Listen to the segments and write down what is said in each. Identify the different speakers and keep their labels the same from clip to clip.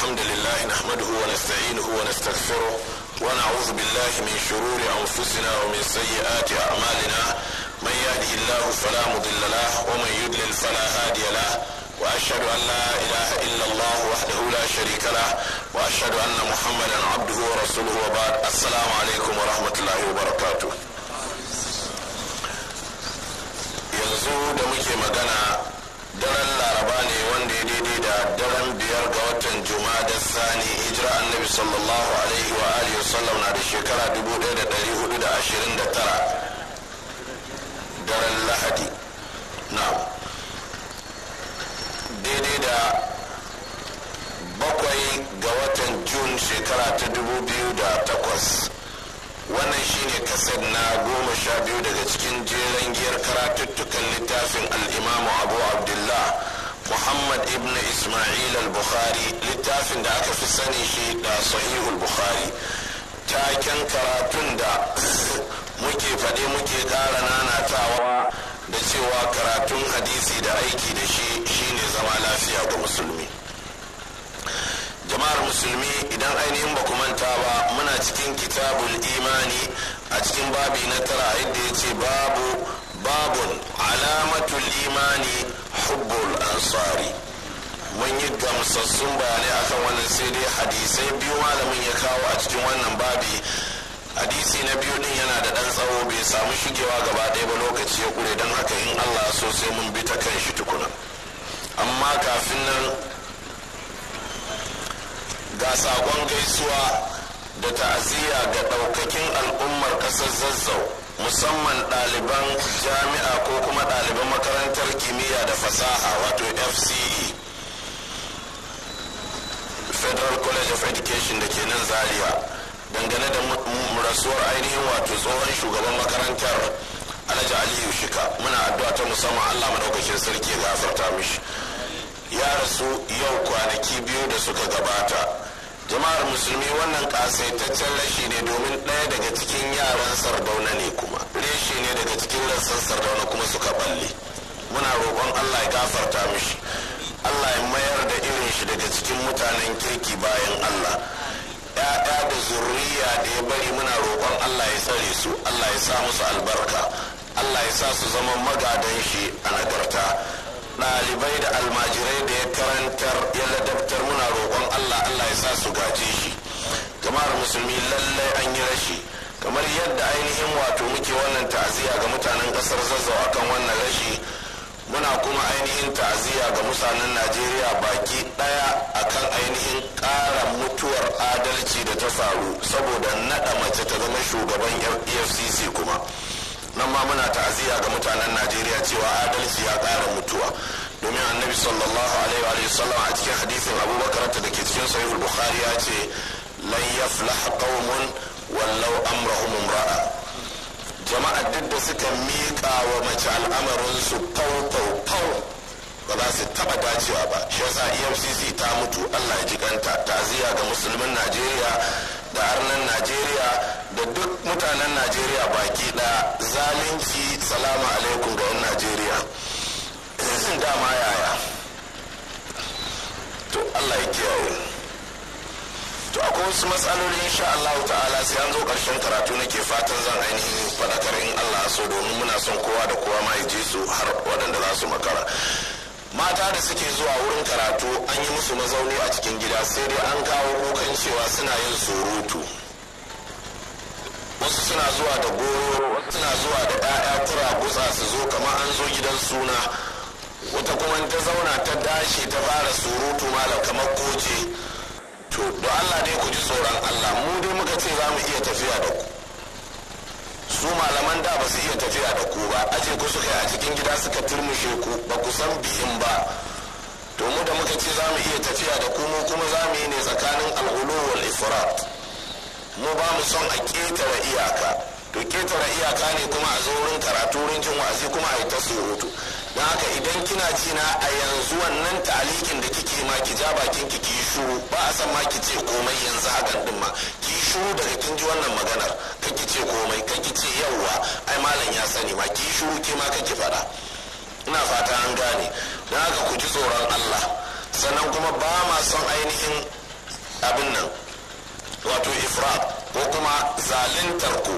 Speaker 1: الحمد لله نحمده ونستعينه ونستغفره ونعوذ بالله من شرور أنفسنا ومن سيئات أعمالنا من يهده الله فلا مضل له ومن يضلل فلا هادي له وأشهد أن لا إله إلا الله وحده لا شريك له وأشهد أن محمدا عبده ورسوله وبعد السلام عليكم ورحمة الله وبركاته yanzu da muke magana daren laraba ne wanda ya daidai da daren biyu jumada sani hijira annabi sallallahu alaihi wa alihi sallam na da shekara 1429 daren lahadi na daidai da bakwai ga watan jun shekara ta 2008 wannan shine kasar na goma sha biyu daga cikin jeren giyar karatuttukan littafin al'imamu abu abdullah muhammad ibn ismail al-bukhari littafin da aka fi sani shi da sahihul bukhari taken karatun da muke faɗe muke ƙara nanatawa da cewa karatun hadisi da aiki da shi shine zama lafiya ga musulmi jama'ar musulmi idan ainihin ba manta ba muna cikin kitabul imani a cikin babi na tara a inda ya ce babu babun alamatul imani hubbul ansari mun yi gamsassun bayanai akan wannan sai dai hadisai biyu malamin ya kawo a cikin wannan babi hadisi na biyu din yana da dan tsawo bai samu shigewa gaba ɗaya ba lokaci ya kure don haka in allah so sai mun bi ta kan shi tukuna amma kafin nan ga sakon gaisuwa da ta'aziyya ga ɗaukakin al'ummar ƙasar zazzau musamman ɗaliban jami'a ko kuma ɗaliban makarantar kimiyya da fasaha wato fce federal college of education da ke nan zaria dangane da rasuwar ainihin wato tsohon shugaban makarantar alhaji aliyu shika muna addu'a ta musamman allah madaukakin sarki ga gafarta mishi ya rasu yau kwanaki biyu da suka gabata jama'ar musulmi wannan kasaitaccen rashi ne domin ɗaya daga cikin yaran sardauna ne kuma reshe ne daga cikin rassan sardauna kuma suka balle muna roƙon allah ya gafarta mishi allah ya mayar da irin shi daga cikin mutanen kirki bayan allah ya'ya da zurriya da ya bari muna roƙon allah ya tsare su allah ya sa musu albarka allah ya sa su zama magadan shi a nagarta dalibai da almajirai da ya karantar ya ladabtar muna roƙon Allah Allah ya sa su gaje shi kamar musulmi lallai an yi rashi kamar yadda ainihin wato muke wannan ta'aziyya ga mutanen kasar zazzau akan wannan rashi muna kuma ainihin ta'aziyya ga mutanen najeriya baki ɗaya akan ainihin ƙara mutuwar adalci da ta faru saboda naɗa mace ta zama shugaban efcc nan ma muna ta'aziyya ga mutanen najeriya cewa adalci ya ƙara mutuwa domin annabi sallallahu alaihi wa sallam a cikin hadisin abubakar da ke cikin sahih bukhari ya ce lan yaflah qaumun wallau amrahum imra'a jama'a duk da suka miƙa wa mace al'amarin su pau pau pau ba za su taba dacewa ba shi yasa efcc ta mutu allah ya jiganta ta'aziyya ga musulmin najeriya da arnan najeriya da duk mutanen najeriya baki da zalunci salamu alaikum ga 'yan najeriya dama yaya to allah ya kiyaye to akwai wasu matsaloli insha Allah ta'ala sai an zo karshen karatu nake fatan zan ainihin faɗakar in Allah so domin muna son kowa da kowa ma ya ji su har waɗanda za su makara mata da suke zuwa wurin karatu an yi musu mazauni a cikin gida sai dai an kawo kukan cewa suna yin surutu wasu suna zuwa da goro suna zuwa da ɗaya kura gutsa su zo kamar an zo gidan suna wata kuma ta zauna ta dashe ta fara surutu malam kamar koce to allah dai ku ji tsoron allah mu dai muka ce za mu iya tafiya da ku su malaman da ba su iya tafiya da ku ba aje ku suka yi a cikin gida suka turmushe ku ba ku san bi'in ba to mu da muka ce za mu iya tafiya da ku mu kuma za mu yi ne tsakanin alhulu wal ifrat mu ba mu son a ketara iyaka to ketara iyaka ne kuma a zo wurin karatu wurin jin wa'azi kuma a yi ta surutu da haka idan kina ji na a yanzu wannan talikin da kike ma ki ja bakin ki ki shuru ba a san ma ki ce komai yanzu hakan din ma ki shuru daga kin ji wannan maganar kan ki ce komai kan ki ce yawwa ai malam ya sani ma ki shuru ke ma ki faɗa ina fata an gane da haka ku ji tsoron Allah sannan kuma ba ma son ainihin abin nan wato ifrat ko kuma zaluntar ku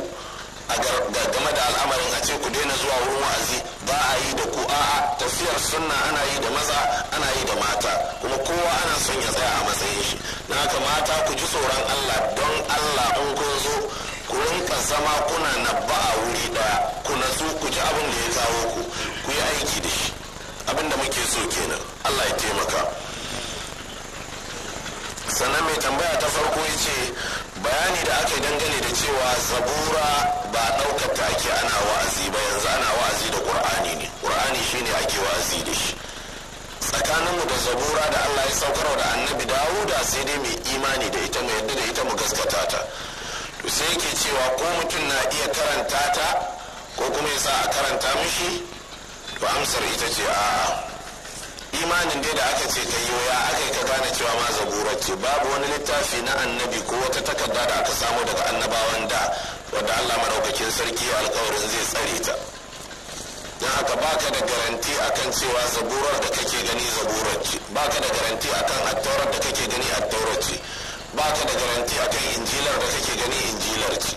Speaker 1: a game da al'amarin a ce ku daina zuwa wurin wa'azi ba a yi da ku a'a tafiyar sunna ana yi da maza ana yi da mata kuma kowa ana son ya tsaya a matsayin shi na haka mata ku ji tsoron Allah don Allah in kun zo ku rinka zama kuna ba a wuri daya ku natsu ku ji abin da ya kawo ku ku yi aiki da shi abin da muke so kenan Allah ya taimaka sannan mai tambaya ta farko ya ce bayani da aka dangane da cewa zabura ba ɗaukar ta ake ana wa'azi ba yanzu ana wa'azi da kur'ani ne ƙur'ani shine ake wa'azi da shi tsakaninmu da zabura da allah ya saukar da annabi da'uda sai dai mai imani da ita mai yadda da ita mu gaskata ta to sai yake cewa ko mutum na iya karanta ta ko kuma ya sa a karanta mishi to amsar ita ce a'a imanin dai da aka ce ta yi ya aka yi ta gane cewa ma zabura ce babu wani littafi na annabi ko wata takarda da aka samu daga annabawan da wanda Allah maraukakin sarki ya alkawarin zai tsare ta don haka baka da garanti akan cewa zaburar da kake gani zaburar ce baka da garanti akan attaurar da kake gani attaurar ce baka da garanti akan injilar da kake gani injilar ce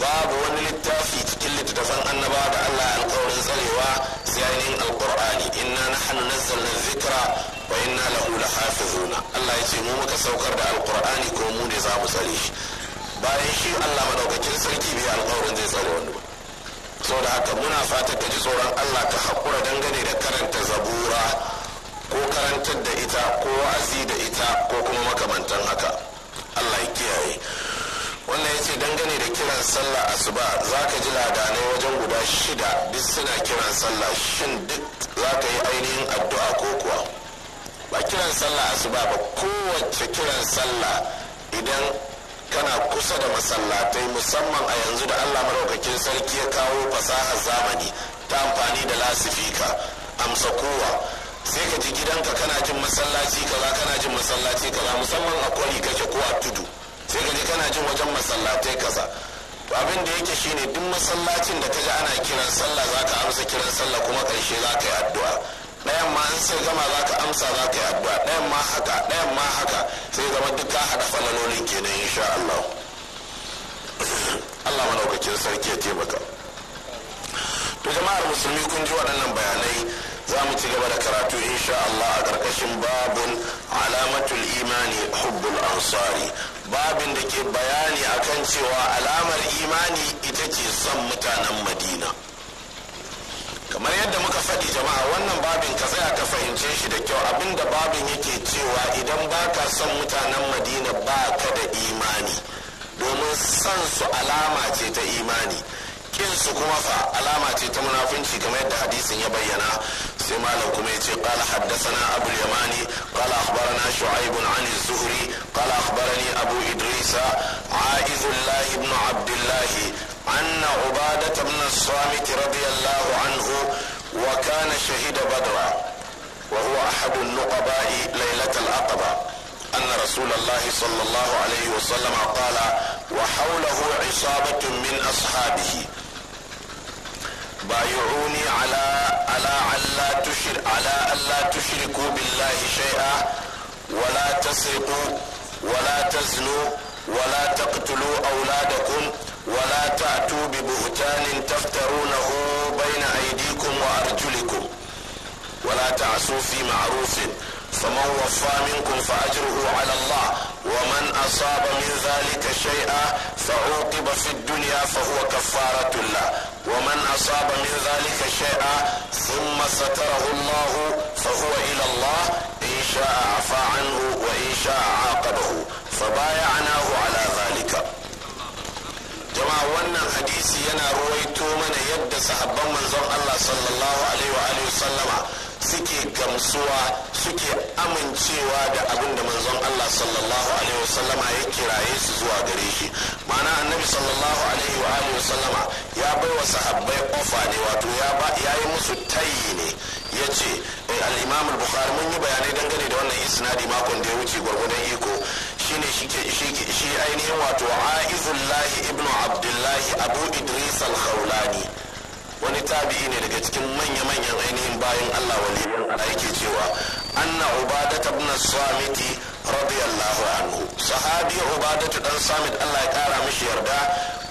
Speaker 1: babu wani littafi cikin littattafan annaba da Allah alƙawarin tsarewa sai ainihin alƙur'ani inna nahnu zikira dhikra wa inna lahu lahafizuna Allah ya ce mu muka saukar da alƙur'ani ko mu ne za mu tsare shi bayan shi Allah madaukakin sarki bai alƙawarin zai tsare wani ba da haka muna fata ka ji tsoron Allah ka haƙura dangane da karanta zabura ko karantar da ita ko wa'azi da ita ko kuma makamantan haka Allah ya kiyaye wannan ya ce dangane da kiran sallah asuba za ka ji ladanai wajen guda shida duk suna kiran sallah shin duk za ka yi ainihin addu'a ko kuwa ba kiran sallah asuba ba kowace kiran sallah idan kana kusa da masallatai musamman a yanzu da allah maraukakin sarki ya kawo fasahar zamani ta amfani da lasifika amsa kowa sai ka ji gidanka kana jin masallaci kaza kana jin masallaci kaza musamman a kwari kake ko a tudu sai ka kana jin wajen masallatai kaza to abin da yake shine duk masallacin da ka ji ana kiran sallah zaka amsa kiran sallah kuma karshe zaka yi addu'a ɗayan ma an sai gama zaka amsa zaka yi addu'a ɗayan ma haka ɗayan ma haka sai zama duk ka haɗa falalolin kenan insha Allah Allah malaukakin sarki ya taimaka to jama'ar musulmi kun ji waɗannan bayanai za mu ci gaba da karatu insha Allah a ƙarƙashin babun alamatul imani hubbul ansari babin da ke bayani akan cewa alamar imani ita ce son mutanen madina kamar yadda muka faɗi jama'a wannan babin ka tsaya ka fahimce shi da kyau abinda babin yake cewa idan ba ka son mutanen madina ba ka da imani domin son su alama ce ta imani su kuma fa alama ce ta munafunci kamar yadda hadisin ya bayyana sai malam kuma ya ce qala haddathana abu yamani qala akhbarana shu'aib an az-zuhri qala akhbarani abu idris. aizullah ibn abdullah anna ubadah ibn as-samit radiyallahu anhu wa kana shahida badra wa huwa ahad an al-aqaba أن رسول الله صلى الله عليه وسلم قال وحوله عصابة من أصحابه بايعوني على على ألا تشر على ألا تشركوا بالله شيئا ولا تسرقوا ولا تزنوا ولا تقتلوا أولادكم ولا تأتوا ببهتان تفترونه بين أيديكم وأرجلكم ولا تعصوا في معروف فمن وفى منكم فأجره على الله ومن أصاب من ذلك شيئا فعوقب في الدنيا فهو كفارة له ومن أصاب من ذلك شيئا ثم ستره الله فهو إلى الله إن شاء عفى عنه وإن شاء عاقبه فبايعناه على ذلك jama'a wannan hadisi yana ruwaito mana yadda sahabban manzon Allah sallallahu alaihi wa alihi sallama suke gamsuwa suke amincewa da abin da manzon Allah sallallahu alaihi wasallama ya kiraye su zuwa gare shi ma'ana annabi sallallahu alaihi wa alihi wasallama ya bai wa sahabbai kofa ne wato ya ba ya yi musu tayi ne ya ce eh, al-imam al-bukhari mun yi bayanai dangane da wannan isnadi makon da ya wuce gwargwadon iko shine shi ainihin wato aizullahi ibnu abdullahi abu idris al-khawlani wani tabi'i ne daga cikin manya-manyan ainihin bayan Allah waliyan Allah yake cewa anna ubadata ibn samiti radiyallahu anhu sahabi ubadatu dan samit Allah ya kara mishi yarda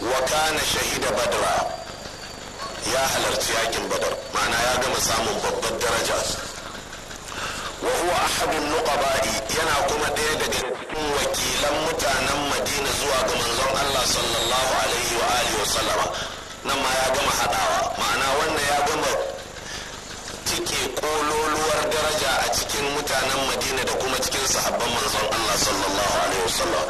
Speaker 1: wa kana shahida badra ya halarci yakin badar ma'ana ya gama samun babbar daraja wa huwa ahadun nuqaba'i yana kuma ɗaya daga cikin wakilan mutanen Madina zuwa ga manzon Allah sallallahu alaihi wa alihi wa sallama nan ma ya gama haɗawa ma'ana wanda ya gama cike kololuwar daraja a cikin mutanen madina da kuma cikin sahabban manzon allah sallallahu alaihi wasallam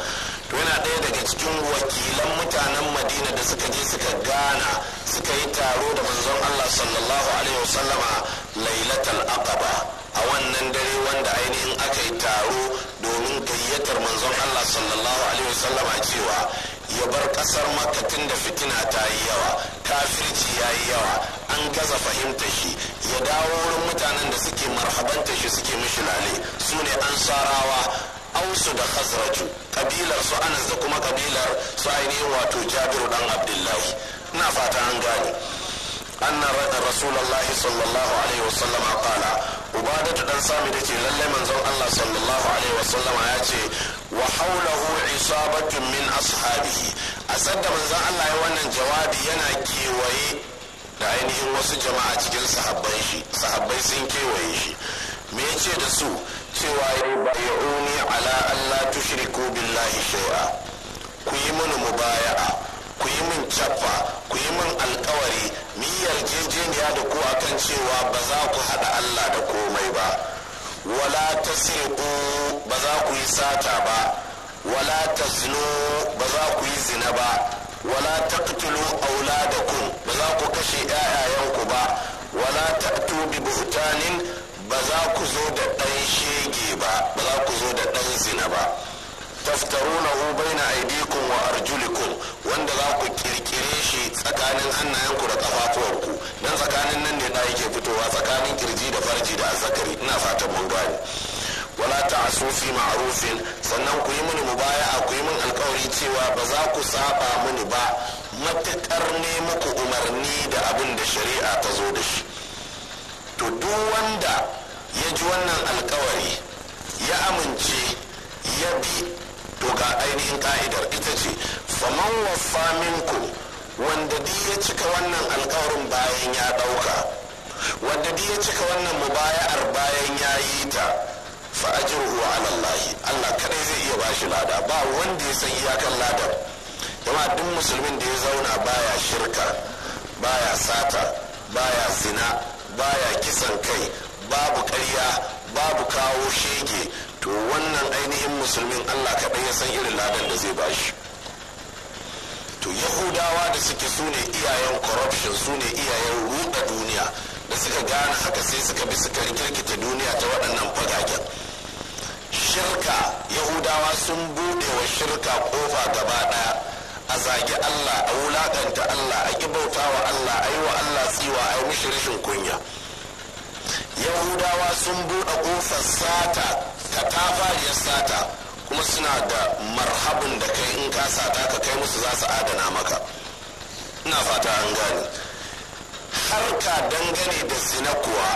Speaker 1: to yana ɗaya daga cikin wakilan mutanen madina da suka je suka gana suka yi taro da manzon allah sallallahu alaihi a lailatul aqaba a wannan dare wanda ainihin aka yi taro domin gayyatar manzon allah sallallahu alaihi a cewa ya bar kasar makatin tun da fitina ta yi yawa kafirci ya yi yawa an gaza fahimta shi ya dawo wurin mutanen da suke marhabanta shi suke mishi lale su ne an ansarawa ausu da khazraju kabilar su anas da kuma kabilar su ainihin wato jabiru dan abdullahi ina fata an gane أن رسول الله صلى الله عليه وسلم قال عبادة أن سامد لله من زوء الله صلى الله عليه وسلم آتي وحوله عصابة من أصحابه أسد من زوء الله وأن الجواب ينكي وي da ainihin wasu jama'a cikin sahabbai shi sun kewaye shi me yace da su cewa ya bayyuni ala an la tushriku billahi shay'a ku yi mana mubaya'a ku yi min cappa ku yi min alkawari mi yarjejeniya da ku akan cewa ba za ku haɗa Allah da komai ba wala ta sirku ba za ku yi sata ba wala ta zino ba za ku yi zina ba wala ta a wula da ku ba za ku kashe ƴaƴayenku ba wala ta tubi buhutanin ba za ku zo da ɗan shege ba ba za ku zo da ɗan zina ba taftarunahu baina aydikum wa arjulikum wanda za ku kirkire shi tsakanin hannayenku da kafafuwanku don tsakanin nan ne da yake fitowa tsakanin kirji da farji da azzakari ina fatan mun gane wala ta'asu fi ma'rufin sannan ku yi mini mubaya'a ku yi min alkawari cewa ba za ku saba mini ba matuƙar ne muku umarni da abin da shari'a ta zo da shi to duk wanda ya ji wannan alkawari faman wa minku wanda duk ya cika wannan alkawarin bayan ya ɗauka wanda duk ya cika wannan mubaya'ar bayan ya yi ta fa ajruhu ala Allah Allah kadai zai iya bashi lada ba wanda ya san iyakan ladar kuma duk musulmin da ya zauna baya shirka baya sata baya zina baya kisan kai babu ƙarya babu kawo shege to wannan ainihin musulmin Allah kaɗai ya san irin ladan da zai bashi to yahudawa da suke su ne iyayen corruption su ne iyayen ruɗa duniya da suka gane haka sai suka bi suka rikirkita duniya ta waɗannan fagagen shirka yahudawa sun buɗe wa shirka ƙofa gaba ɗaya a zagi allah a wulaƙanta allah a ƙi wa allah a yi wa allah tsiwa a yi mishi rashin kunya yahudawa sun buɗe ƙofar sata katafariyar sata kuma suna da marhabin da kai in ka sata ka kai musu za su adana maka ina fata an gane ka dangane da zina kuwa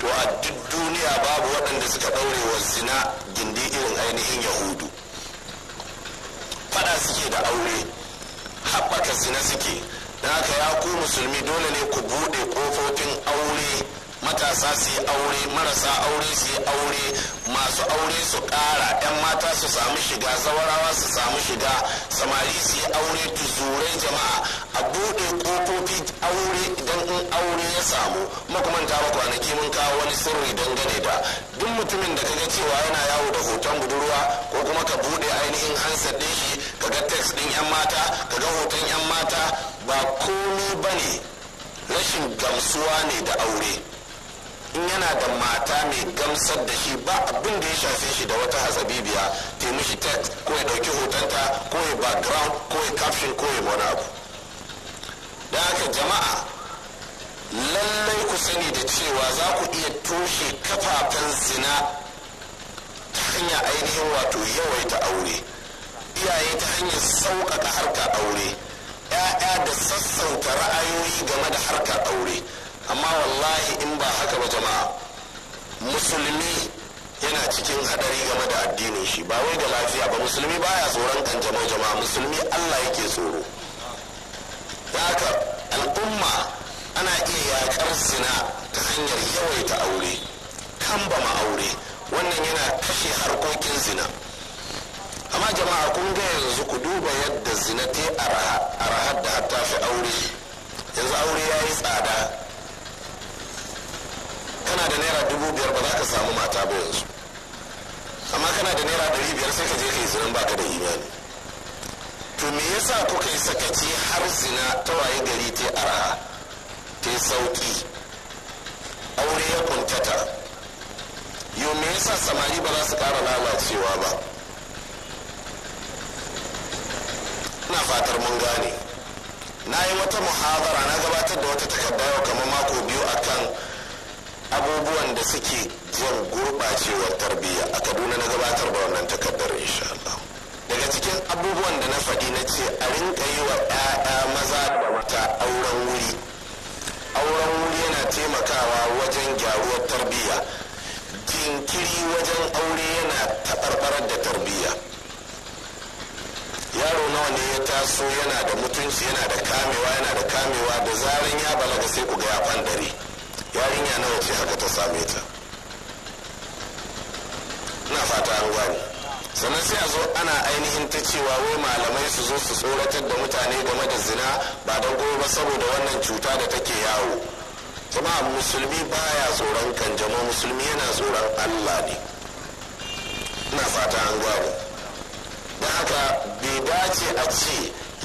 Speaker 1: to a duk duniya babu waɗanda suka ɗaure wa zina gindi irin ainihin yahudu fada suke da aure haɓaka zina suke da haka ya ku musulmi dole ne ku buɗe ƙofofin aure matasa su yi aure marasa aure su yi aure masu aure su ƙara 'yan mata su samu shiga zawarawa su samu shiga samari su yi aure tuzurai jama'a a buɗe kofofi aure idan in aure ya samu makamanta ba kwanaki mun kawo wani sirri dangane da duk mutumin da kaga cewa yana yawo da hoton budurwa ko kuma ka buɗe ainihin hansar ɗin shi kaga text ɗin 'yan mata kaga hoton 'yan mata ba komi ba ne rashin gamsuwa ne da aure in yana da mata mai gamsar da shi ba abin da ya shafe shi da wata hasabibiya ta mishi text ko ya dauki hotonta ko ya background ko ya caption ko ya wani abu da haka jama'a lallai ku sani da cewa za ku iya toshe kafafen zina ta hanyar ainihin wato yawaita aure iyaye ta hanyar sauƙaƙa harkar aure 'ya'ya da sassauta ra'ayoyi game da harkar aure amma wallahi in ba haka ba jama'a musulmi yana cikin hadari game da addinin shi ba wai da lafiya ba musulmi baya tsoron kan jama'a musulmi allah yake tsoro haka al'umma ana iya yakar zina ta hanyar yawaita aure ba aure wannan yana kashe harkokin zina amma jama'a kun ga yanzu ku duba yadda zina ta arha da hatta fi aure yanzu aure ya yi tsada kana da naira dubu biyar ba za ka samu mata ba yanzu amma kana da naira dari biyar sai ka je ka yi zinan ka da imani to me yasa ku kai sakaci har zina ta waye gari ta arha ta sauki aure ya kuntata yau me yasa samari ba za su ƙara lalacewa ba ina fatar mun gane na yi wata muhabara na gabatar da wata takardawa kamar mako biyu akan abubuwan da suke jan gurɓacewar tarbiyya a kaduna na gabatar da wannan takardar insha Allah daga cikin abubuwan da na faɗi na ce a rinka yi wa ɗaya maza da mata auren wuri auren wuri yana taimakawa wajen gyaruwar tarbiyya jinkiri wajen aure yana taɓarɓarar da tarbiyya yaro nawa ne ya taso yana da mutunci yana da kamewa yana da kamewa da zaran ya balaga sai ku ga ya kwandare yarinya nawa ce haka ta same ta na fata an gwani sannan sai a zo ana ainihin ta cewa wai malamai su zo su tsoratar da mutane game da zina ba don gobe ba saboda wannan cuta da take yawo jama'a musulmi baya tsoron kanjamau musulmi yana tsoron allah ne na fata an gwani da haka bai dace a ce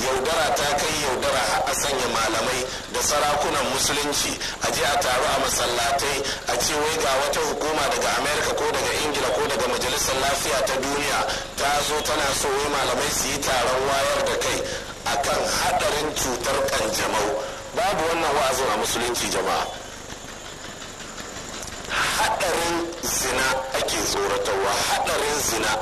Speaker 1: yaudara ta kai yaudara a sanya malamai da sarakunan musulunci a je a taru a masallatai a ce wai ga wata hukuma daga amerika ko daga ingila ko daga majalisar lafiya ta duniya ta zo tana so wai malamai su yi taron wayar da kai akan hadarin cutar kanjamau babu wannan wa'azin a musulunci jama'a hadarin zina ake tsoratarwa hadarin zina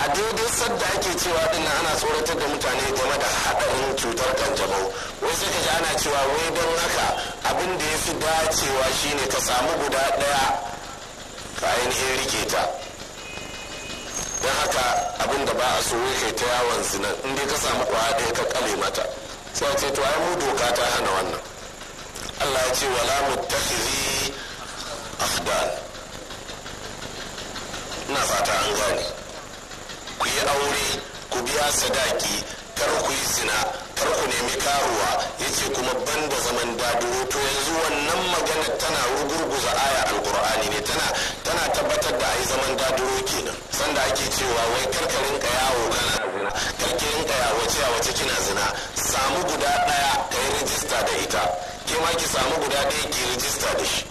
Speaker 1: a daidai sadda ake cewa din ana tsoratar da mutane game da haɗarin cutar kanjamau wai sai ka ji ana cewa wai don haka abin da ya fi dacewa shine ka samu guda ɗaya ka ainihin rike ta don haka abin da ba a so wai kai ta yawon zinan in dai ka samu kwa ɗaya ka kale mata sai a ce to ai mu doka ta hana wannan Allah ya ce wala muttakhidhi afdan ina fata an gane ku yi aure ku biya sadaki kar ku yi zina kar ku nemi karuwa yace kuma banda zaman daduro to yanzu wannan magana tana rugurguza aya alkur'ani ne tana tana tabbatar da ai zaman daduro kenan sanda ake cewa wai karkarin ka yawo kana zina karki rinka yawo cewa wace kina zina samu guda daya ka rijista da ita ke ma ki samu guda daya ki rijista da shi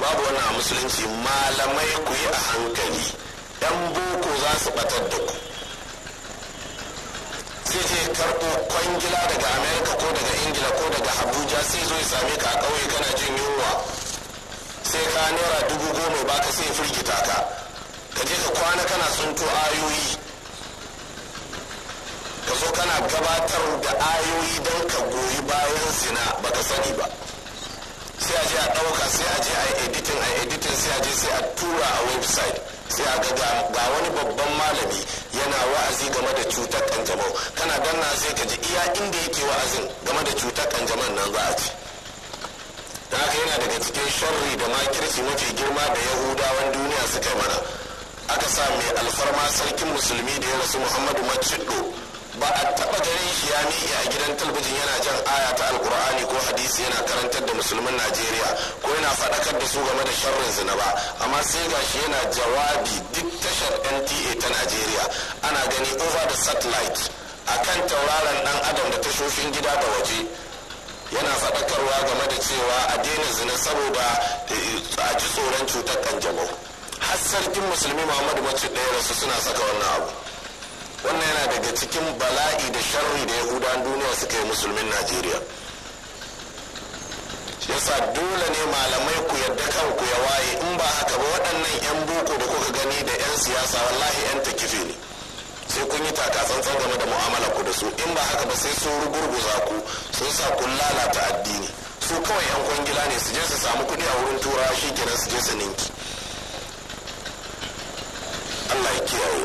Speaker 1: babu wannan a musulunci malamai ku yi a hankali yan boko za su batar da ku zai je karɓo kwangila daga amerika ko daga ingila ko daga abuja sai zo ya same ka a ƙauye kana jin yunwa sai ka naira dubu goma ba ka sai firgita ka ka je ka kwana kana to ayoyi ka zo kana gabatar da ayoyi don ka goyi bayan zina ba ka sani ba sai a je a ɗauka sai a je a editin a editin sai a je sai a tura a sai a ga ga wani babban malami yana wa'azi game da cutar kanjamau kana danna sai ka ji iya inda yake wa'azin game da cutar kanjaman nan za a ci da haka yana daga cikin sharri da makirci mafi girma da yahudawan duniya suka mana aka sa mai alfarma sarkin musulmi da ya rasu muhammadu maciddo ba a taɓa gari shi ya miƙe a gidan talabijin yana jan aya ta alkur'ani ko hadisi yana karantar da musulmin najeriya ko yana faɗakar da su game da sharrin zina ba amma sai ga shi yana jawabi duk tashar nta ta najeriya ana gani over the satellite a kan tauraron dan adam da tashoshin gida da waje yana faɗakarwa game da cewa a daina zina saboda eh, a ji tsoron cutar kanjamau har sarkin musulmi muhammadu mace ɗaya rasu suna saka wannan abu wannan yana daga cikin bala'i da sharri da ya yahudan duniya suka yi musulmin najeriya yasa dole ne malamai ku yadda kanku ya waye in ba haka ba waɗannan 'yan boko da kuka gani da 'yan siyasa wallahi 'yan takife ne sai kun yi takatsantsan game da mu'amala ku da su in ba haka ba sai sun rugurguza ku sun sa kun lalata addini su kawai 'yan kwangila ne su je su samu kuɗi a wurin turawa shi kenan su je su ninki Allah ya kiyaye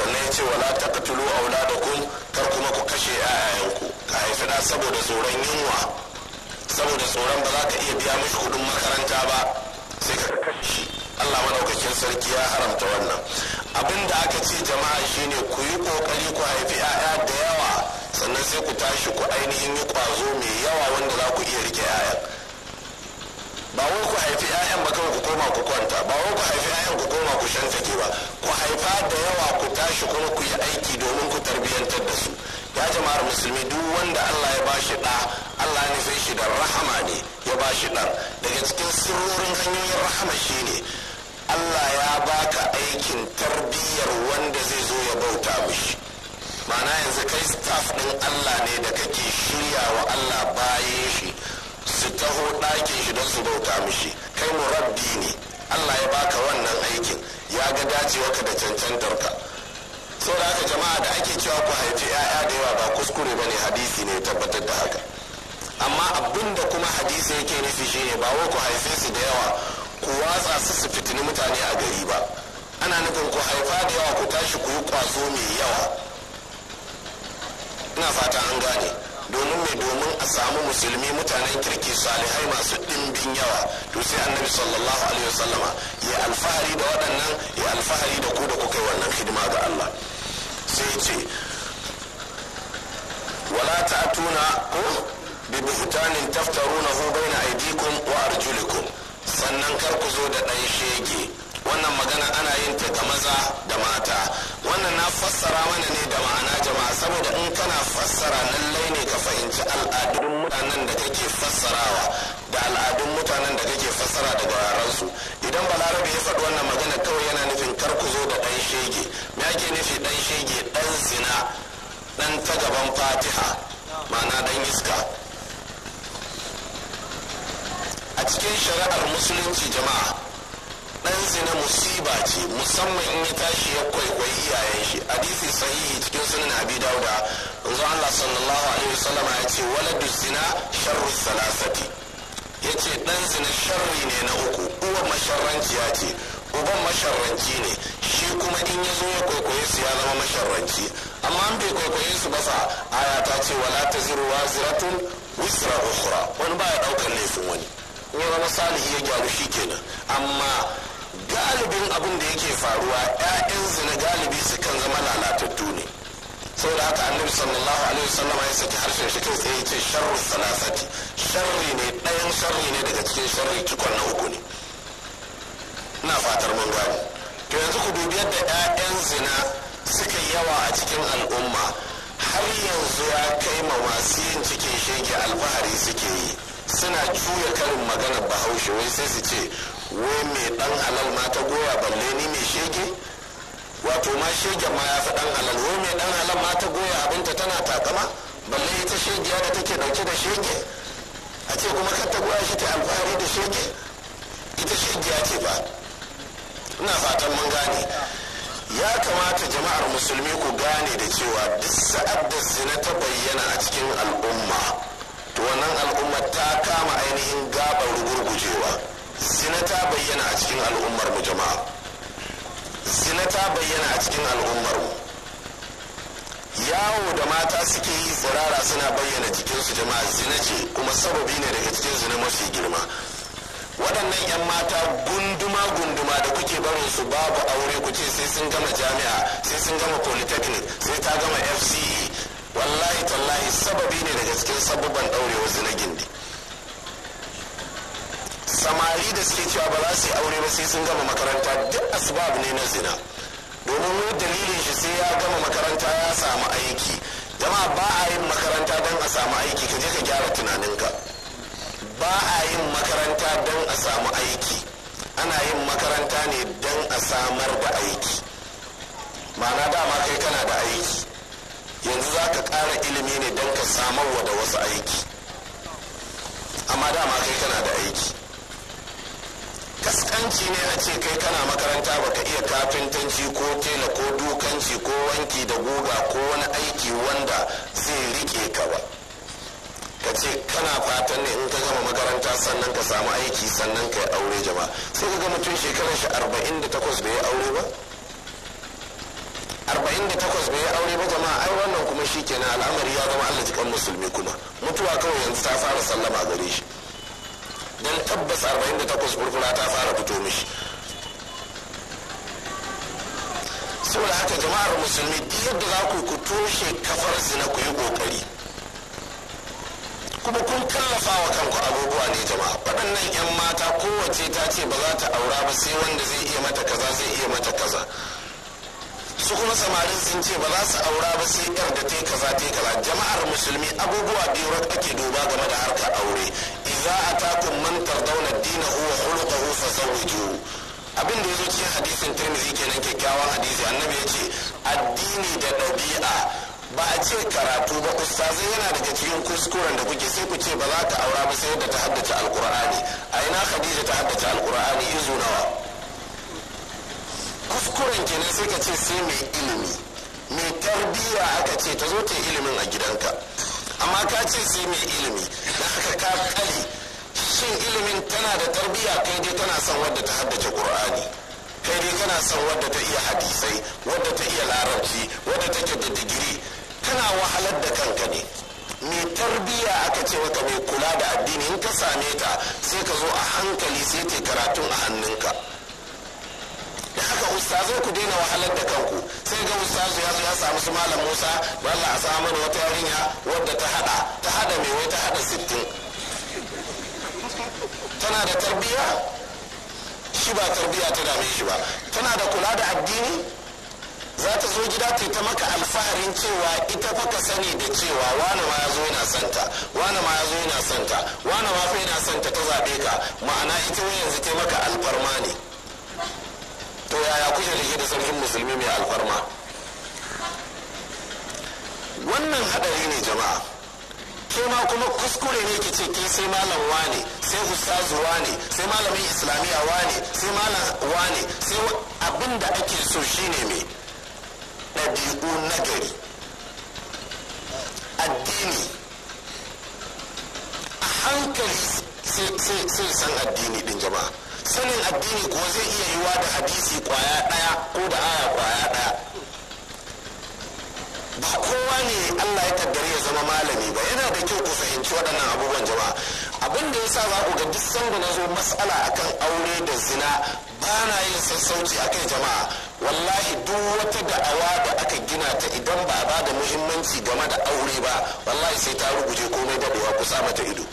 Speaker 1: sannan ya ce wala ta da kun kar kuma ku kashe ƴaƴayenku ka haifi da saboda tsoron yunwa saboda tsoron ba za ka iya biya mashi kuɗin makaranta ba sai ka kashe Allah madaukakin sarki ya haramta wannan abin da aka ce jama'a shine ku yi kokari ku haifi yaya da yawa sannan sai ku tashi ku ainihin yi kwazo mai yawa wanda za ku iya rike 'ya'yan ba wai ku haifi 'ya'yan ba kawai ku koma ku kwanta ba wai ku haifi 'ya'yan ku koma ku shan take ba ku haifa da yawa ku tashi kuma ku yi aiki domin ku tarbiyyantar da su ya jama'ar musulmi duk wanda Allah ya bashi ɗa Allah ne sai shi da rahama ne ya bashi ɗan daga cikin sirrorin hanyoyin rahama ne Allah ya baka aikin tarbiyyar wanda zai zo ya bauta mishi ma'ana yanzu kai staff din Allah ne da kake shirya wa Allah bayan shi su taho ɗakin shi don su bauta mishi kai mu rabbi ne allah ya baka wannan aikin ya ga dacewarka da cancantar ka sau da haka jama'a da ake cewa ku haifi 'ya'ya da yawa ba kuskure ba ne hadisi ne tabbatar da haka amma abin da kuma hadisi yake nufi ne ba wai ku haife su da yawa ku watsa su su fitini mutane a gari ba ana nufin ku haifa da yawa ku tashi ku yi kwaso mai yawa ina fata an gane domin mai domin a samu musulmi mutanen kirki salihai masu ɗimbin yawa to sai annabi sallallahu alaihi wasallama ya alfahari da waɗannan ya alfahari da ku da kuka yi wannan hidima ga Allah sai ce wala tuna ko bi buhtanin taftarunahu baina aydikum wa arjulikum sannan kar ku zo da ɗan shege wannan magana ana yin ta ga maza da mata wannan na fassara mana ne da ma'ana saboda in kana fassara lallai ne ka fahimci al'adun mutanen da kake fassarawa da al'adun mutanen da kake fassara daga yaransu idan balarabe ya faɗi wannan magana kawai yana nufin kar ku zo da ɗan shege me ake nufi ɗan shege ɗan zina ɗan ta gaban fatiha ma'ana ɗan iska a cikin shari'ar musulunci jama'a dan zina musiba ce musamman in ya tashi ya kwaikwayi iyayen shi hadisi sahihi cikin sunan abi dauda manzo Allah sallallahu alaihi wasallam ya ce waladu zina sharru salasati ce dan zina sharri ne na uku uwa masharranciya ce uban masharranci ne shi kuma in ya zo ya kwaikwaye su ya zama masharranci amma an bai kwaikwaye su ba sa aya ta ce wala wa ziratun wisra ukhra wani ba ya daukar laifin wani wani misali ya gyaru shi kenan amma galibin abin da yake faruwa 'ya'yan zina galibi sukan zama lalatattu ne sau da haka annabi sallallahu alaihi wasallam ya saki harshen shi kai tsaye ce sharri salasati sharri ne ɗayan sharri ne daga cikin sharri cikon na uku ne na fatar mun gani to yanzu ku dubi yadda 'ya'yan zina suka yawa a cikin al'umma har yanzu ya kai ma masu yin cikin shege alfahari suke yi suna juya karin maganar bahaushe wai sai su ce wai mai dan alal ma ta goya balle ni mai shege wato ma shege ma ya fi dan alal wai mai dan alal ma ta goya abinta tana takama balle ita shege da take dauke da shege a ce kuma kar ta goya shi ta alfahari da shege ita ya ce ba ina fatan mun gane ya kamata jama'ar musulmi ku gane da cewa duk sa'ad da zina ta bayyana a cikin al'umma to wannan al'umma ta kama ainihin gabar rugurgujewa zina ta bayyana a cikin al'ummar mu jama'a zina ta bayyana a cikin al'ummar mu yawo da mata suke yi zarara suna bayyana jikinsu jama'a zina ce kuma sababi ne daga cikin zina mafi girma waɗannan 'yan mata gunduma gunduma da kuke barin su babu aure ku ce sai sun gama jami'a sai sun gama polytechnic sai ta gama fce wallahi tallahi sababi ne daga cikin sababban ɗaurewar zina gindi samari da suke cewa ba za su yi aure ba sai sun gama makaranta duk asbab ne na zina domin mu dalilin shi sai ya gama makaranta ya samu aiki jama'a ba a yin makaranta don a samu aiki ka je ka gyara tunaninka ba a yin makaranta don a samu aiki ana yin makaranta ne don a samar da aiki ma'ana dama kai kana da aiki yanzu za ka ƙara ilimi ne don ka samar da wasu aiki amma dama kai kana da aiki kaskanci ne a ce kai kana makaranta baka iya kafintanci ko tela ko dukanci ko wanki da guga ko wani aiki wanda zai rike ka ba ka ce kana fatan ne in ka gama makaranta sannan ka samu aiki sannan ka yi aure jama sai ka ga mutum shekarar shi arba'in da takwas bai yi aure ba arba'in da takwas bai yi aure ba jama'a ai wannan kuma shi kenan al'amari ya zama allah jikan musulmi kuma mutuwa kawai yanzu ta fara sallama gare shi don tabbas arba'in 48 burkuna ta fara fito mishi saboda haka jama'ar musulmi duk yadda za ku ku toshe kafar zina ku yi kokari kuma kun kallafa wa kanku abubuwa ne jama'a waɗannan 'yan mata kowace ta ce ba za ta aura ba sai wanda zai iya mata kaza zai iya mata kaza wasu kuma samarin sun ce ba za su aura ba sai yar da ta yi kaza ta kaza jama'ar musulmi abubuwa biyu ake duba game da harkar aure idza atakum man tardawna dinahu wa khuluquhu fazawwijuhu abin da ya zo cikin hadisin tirmidhi kenan kyakkyawan hadisi annabi ya ce addini da dabi'a ba a ce karatu ba ustazai yana daga cikin kuskuren da kuke sai ku ce ba za ka aura ba sai da ta haddace alqur'ani a ina khadija ta haddace alqur'ani yanzu nawa kuskuren kenan sai ka ce sai mai ilimi mai tarbiyya aka ce ta zo ta ilimin a gidanka amma ka ce sai mai ilimi da haka ka kale shin ilimin tana da tarbiyya kai dai tana son wadda ta haddace qur'ani kai dai kana son wadda ta iya hadisai wadda ta iya larabci wadda ke da digiri kana wahalar da kanka ne mai tarbiyya aka ce maka mai kula da addini in ka same ta sai ka zo a hankali sai ta karatun a hannunka da haka ustazai ku daina wahalar da kanku sai ga ustazu ya zo ya samu su malam musa don allah a samu mana wata yarinya wadda ta hada ta hada mai wai ta hada sittin tana da tarbiyya shi ba tarbiyya ta dame shi ba tana da kula da addini za ta zo gida ta ta maka alfaharin cewa ita fa ka sani da cewa wani ma ya zo yana santa wani ma ya zo yana santa wani ma fa yana santa ta zabe ka ma'ana ita yanzu ta maka alfarma ne to yaya kuke da shi da sarkin musulmi mai alfarma wannan hadari ne jama'a ke ma kuma kuskure ne ki ce ke sai malam wane sai ustazu wane sai malamin islamiyya wane sai malam wane sai abin da ake so shine mai ɗabi'u nagari addini a hankali sai san addini din jama'a sanin addini kuwa zai iya yiwa da hadisi kwaya ɗaya ko da aya kwaya ɗaya ba kowa ne allah ya kaddare ya zama malami ba yana da kyau ku fahimci waɗannan abubuwan jama'a abin da ya sa za ku ga duk sanda na zo matsala akan aure da zina ba na yin sassauci a kai jama'a wallahi duk wata da'awa da aka gina ta idan ba a ba da muhimmanci game da aure ba wallahi sai ta ruguje komai daɗewa ku sa mata ido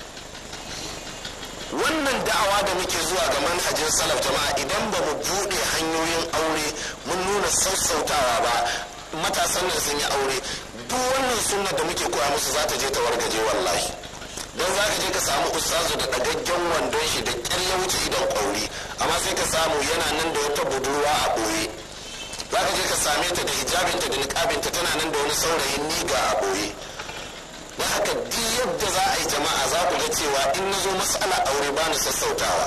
Speaker 1: wannan da'awa da muke zuwa ga manhajin salaf jama'a idan ba mu buɗe hanyoyin aure mun nuna sassautawa ba matasan nan sun yi aure duk wannan sunna da muke koya musu za ta je ta wargaje wallahi don za ka je ka samu ustazu da ɗagaggen wandon shi da ƙyalle wuce idan ƙwauri amma sai ka samu yana nan da wata budurwa a ɓoye za ka je ka same ta da hijabinta da niƙabinta tana nan da wani saurayin niga a ɓoye ba haka duk yadda za a yi jama'a za ku ga cewa in na zo matsala aure ba ni sassautawa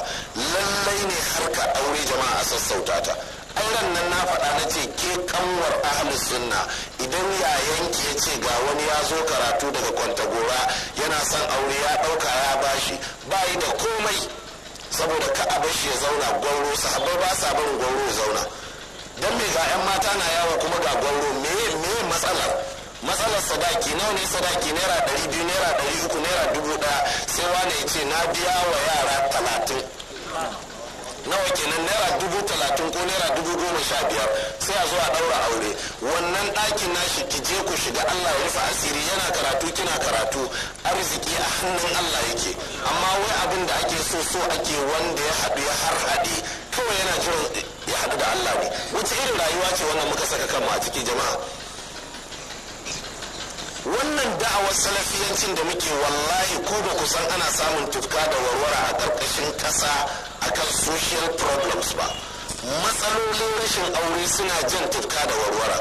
Speaker 1: lallai ne har ka aure jama'a a sassauta ta auren nan na faɗa na ce ke kanwar ahli sunna idan yayanki ya ce ga wani ya zo karatu daga kwantagora yana son aure ya ɗauka ya bashi bayi da komai saboda ka a bashi ya zauna gwauro sahabbai ba sa barin gwauro ya zauna don me ga 'yan mata na yawo kuma ga gwauro me matsalar matsalar sadaki nawa ne sadaki naira ɗari biyu naira ɗari uku naira dubu ɗaya sai wane ya ce na biya wa yara talatin nawa kenan naira dubu talatin ko naira dubu goma sha biyar sai a zo a ɗaura aure wannan ɗakin nashi ki je ku shiga allah ya rufe asiri yana karatu kina karatu arziki a hannun allah yake amma wai abin da ake so so ake wanda ya haɗu ya har haɗe kawai yana jiran ya haɗu da allah ne wace irin rayuwa ce wannan muka saka kanmu a ciki jama'a wannan da'awar salafiyancin da muke wallahi ku da ku san ana samun tufka da warwara a ƙarƙashin ƙasa akan social problems ba matsalolin rashin aure suna jan tufka da warwara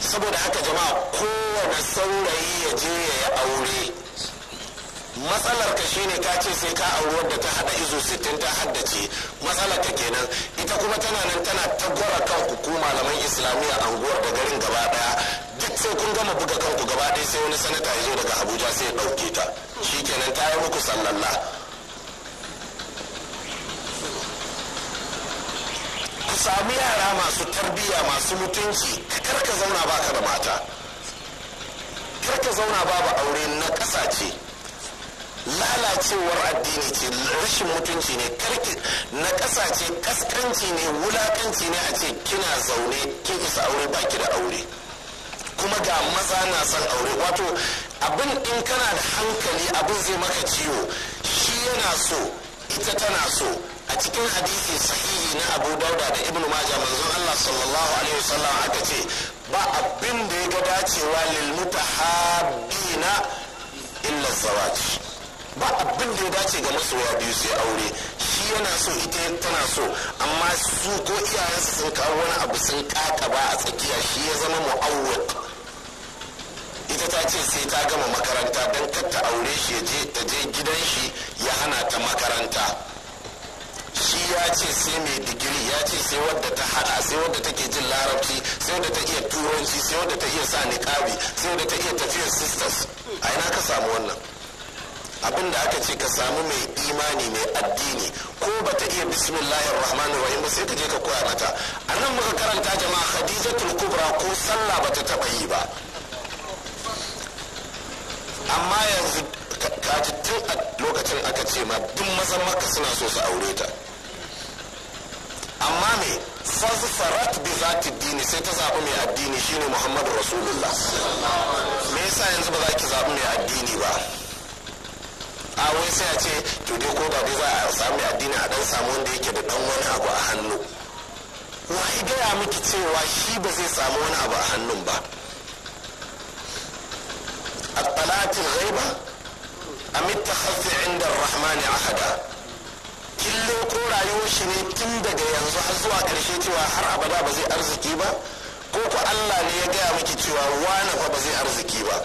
Speaker 1: saboda haka jama'a kowane saurayi ya je ya yi aure matsalar ka shine ka ce sai ka auri wadda ta hada izo sittin ta haddace matsalar ka kenan ita kuma tana nan tana tagwara kan ku malaman islamiyya a unguwar da garin gaba daya duk sai kun gama buga kanku gaba daya sai wani sanata ya zo daga abuja sai ya dauke ta kenan ta yi muku sallalla ku samu yara masu tarbiyya masu mutunci kar ka zauna baka da mata kar ka zauna babu aure na kasace ce lalacewar addini ce rashin mutunci ne karki na ce kaskanci ne wulakanci ne a ce kina zaune kin isa aure baki da aure kuma ga maza na son aure wato abin in kana da hankali abin zai maka ciwo shi yana so ita tana so a cikin hadisi sahihi na abu dauda da ibnu majah manzon allah sallallahu alaihi wasallam aka ce ba abin da ya ga dacewa lil mutahabbina illa zawaji ba abin da ya dace ga masoya biyu su aure shi yana so ita tana so amma su ko iyayensu sun kawo wani abu sun kaka ba a tsakiya shi ya zama mu'awwad ita ta ce sai ta gama makaranta don kar ta aure shi ta je gidan shi ya hana ta makaranta shi ya ce sai mai digiri ya ce sai wadda ta hada sai wadda take jin larabci sai wadda ta iya turanci sai wadda ta iya sa niqabi sai wadda ta iya tafiyar sisters a ina ka samu wannan abin da aka ce ka samu mai imani mai addini ko ba ta iya bismillahir rahmanir rahim ba sai ka je ka koya mata anan muka karanta jama'a khadijatul kubra ko sallah ba ta taba yi ba amma yanzu kaji tun a lokacin aka ce ma duk mazan maka suna so su aure ta amma me fasfarat bi zati dini sai ta zaɓi mai addini shine muhammadu rasulullah me yasa yanzu ba za ki zaɓi mai addini ba a wai sai a ce to dai ko ba dai za a sami addini a dan samu wanda yake da dan wani abu a hannu wai gaya miki cewa shi ba zai samu wani abu a hannun ba attalatin ghaiba am ittakhadha inda ar-rahman ahada kullum ko rayuwar shi ne tun daga yanzu har zuwa karshe cewa har abada ba zai arziki ba ko ku Allah ne ya gaya miki cewa wani fa ba zai arziki ba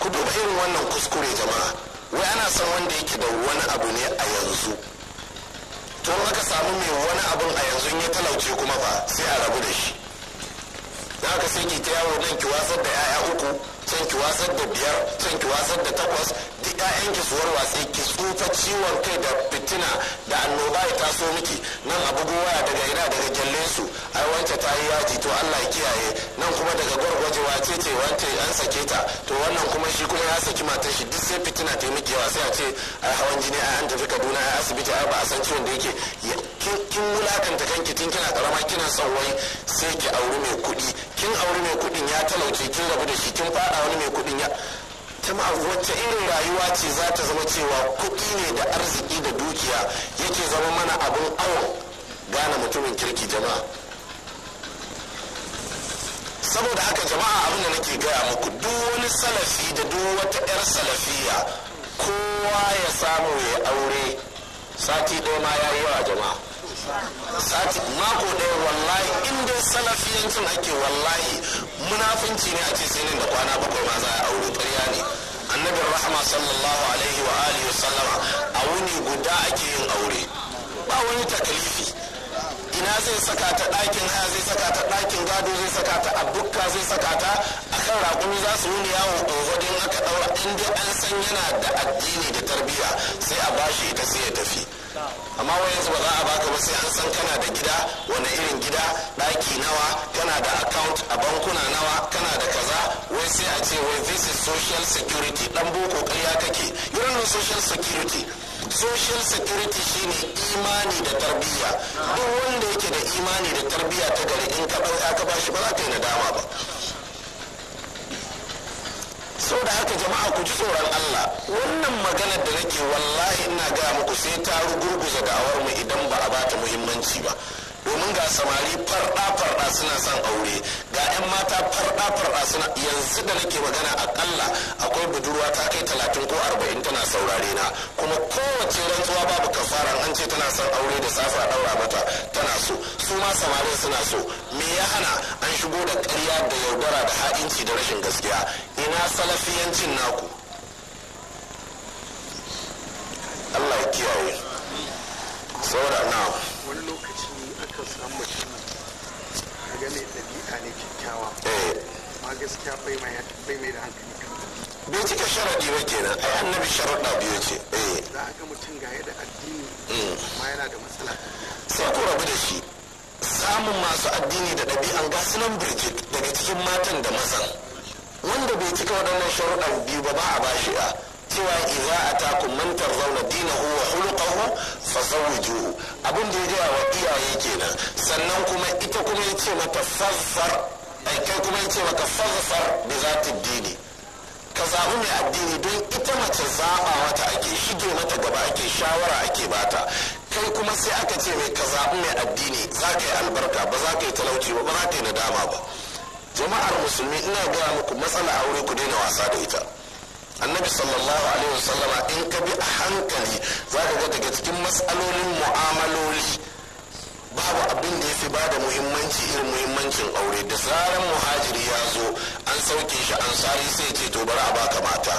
Speaker 1: ku duba irin wannan kuskure jama'a wai ana son wanda yake da wani abu ne a yanzu to aka samu mai wani abun a yanzu ya talauce kuma ba sai a rabu da shi da ka sai ki ta yawo nan ki wasar da 'ya'ya uku sun ki wasar da biyar sun ki wasar da takwas duk ƴaƴan ki su ki tsufa ciwon kai da fitina da annoba ya taso miki nan a daga ina daga gyalle su ai wance ta yi yaji to Allah ya kiyaye nan kuma daga gwargwaje wace ce wance an sake ta to wannan kuma shi kuma ya saki matar shi duk sai fitina ta miki yawa sai a ce ai hawan jini ai an tafi Kaduna ai asibiti ai ba a san ciwon da yake kin wulakanta kanki tun kina karama kina son wai sai ki auri mai kuɗi kin auri mai kuɗin ya talauce kin rabu da shi kin fara a wani mai kuɗin ya jama'a wacce irin rayuwa ce za ta zama cewa kuɗi ne da arziki da dukiya yake zama mana abin awon gane mutumin kirki jama'a saboda haka jama'a abin da nake gaya muku duk wani salafi da duk wata 'yar salafiya kowa ya samu ya aure sati ɗaya ma ya yi yawa jama'a mako ɗaya wallahi in dai salafiyancin ake wallahi munafunci ne a ce sai da kwana bakwai ma za a aure ƙarya ne annabin rahama sallallahu alaihi wa alihi sallama a wuni guda ake yin aure ba wani takalifi ina zai saka ta ɗakin haya zai saka ta ɗakin gado zai saka ta zai saka ta kan raƙumi za su wuni yawo ohodin aka ɗaura in dai an san yana da addini da tarbiyya sai a bashi ita sai ya tafi amma wayansu ba za a baka ba sai an san kana da gida wani irin gida ɗaki nawa kana da account a bankuna nawa kana da kaza wai sai a ce wai this is social security dan boko ƙarya kake irin social security social security shine imani da tarbiyya duk wanda yake da imani da tarbiyya ta gari in ka ɗauka ka bashi ba za ka yi nadama ba sau da haka jama'a ku ji tsoron Allah wannan maganar da nake wallahi ina gaya muku sai ta rugurguza da'awar mu idan ba a bata muhimmanci ba domin ga samari farɗa san aure ga 'yan mata farɗa farɗa suna yanzu da nake magana akalla akwai budurwa ta kai talatin ko arba'in tana saurare na kuma kowace rantsuwa babu kafara an ce tana son aure da safa ɗaura mata tana so su ma samarin suna so me ya hana an shigo da ƙarya da yaudara da ha'inci da rashin gaskiya ina salafiyancin naku Allah ya kiyaye saboda na wani lokaci aka samu ka ga mai ɗabi'a ne kyakkyawa amma gaskiya bai mai da hankali bai cika sharadi ba kenan ai annabi sharaɗa biyu ce eh. za a ga mutum ga da addini mm. ma yana da matsala sai ku rabu da shi samun masu addini da ɗabi'an gasunan birgit daga cikin matan da mazan wanda bai cika waɗannan sharuɗan biyu ba ba a bashi a cewa idza mantar man dina dinahu wa fa fazawwijuhu abin da ya gaya wa iyaye kenan sannan kuma ita kuma ya ce mata fazzar ai kai kuma yace maka fazzar za ta dini ka zaɓi mai addini don ita mace zaɓa mata ake shige mata gaba ake shawara ake bata kai kuma sai aka ce mai ka zaɓi mai addini za ka yi albarka ba za ka yi talauci ba ba za ka yi nadama ba jama'ar musulmi ina gaya muku matsala aure ku daina wasa da ita annabi sallallahu alaihi wasallam in ka bi a hankali za ka ga daga cikin matsalolin mu'amaloli babu abin da ya fi bada muhimmanci irin muhimmancin aure da zaran muhajiri ya zo an sauke shi an sai ce to bari a baka mata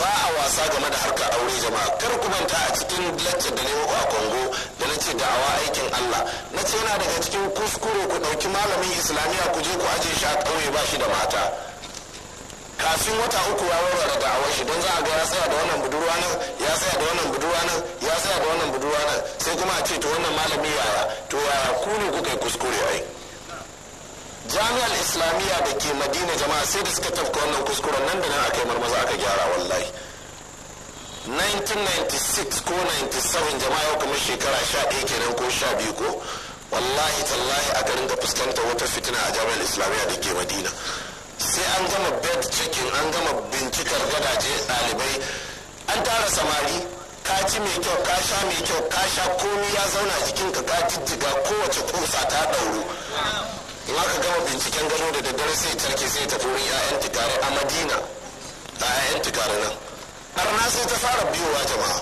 Speaker 1: ba a wasa game da harkar aure jama'a kar ku manta a cikin lacce da nemo a kongo da na ce da'awa aikin allah na ce yana daga cikin kuskure ku ɗauki malamin islamiyya ku je ku aje shi a ƙauye ba shi da mata kafin wata uku ya da da'awar shi don za a ga ya tsaya da wannan budurwa nan ya tsaya da wannan budurwa nan ya tsaya da wannan budurwa nan sai kuma a ce to wannan malami yaya to yaya ku ne kuka yi kuskure ai jami'ar islamiyya da ke madina jama'a sai da suka tafka wannan kuskuren nan da nan aka yi marmaza aka gyara wallahi 1996 ko 97 jama'a yau kamar shekara 11 kenan ko 12 ko wallahi tallahi aka rinka fuskantar wata fitina a jami'ar islamiyya da ke madina sai an gama bed checking an gama bincikar gadaje ɗalibai an tara samari ka ci mai kyau ka sha mai kyau ka sha komi ya zauna jikinka ka jijjiga kowace kusa ta ɗauro in ka gama binciken gado da daddare sai tarke sai ta tori 'ya'yan tikare a madina a 'ya'yan tikare nan barna sai ta fara biyowa jama'a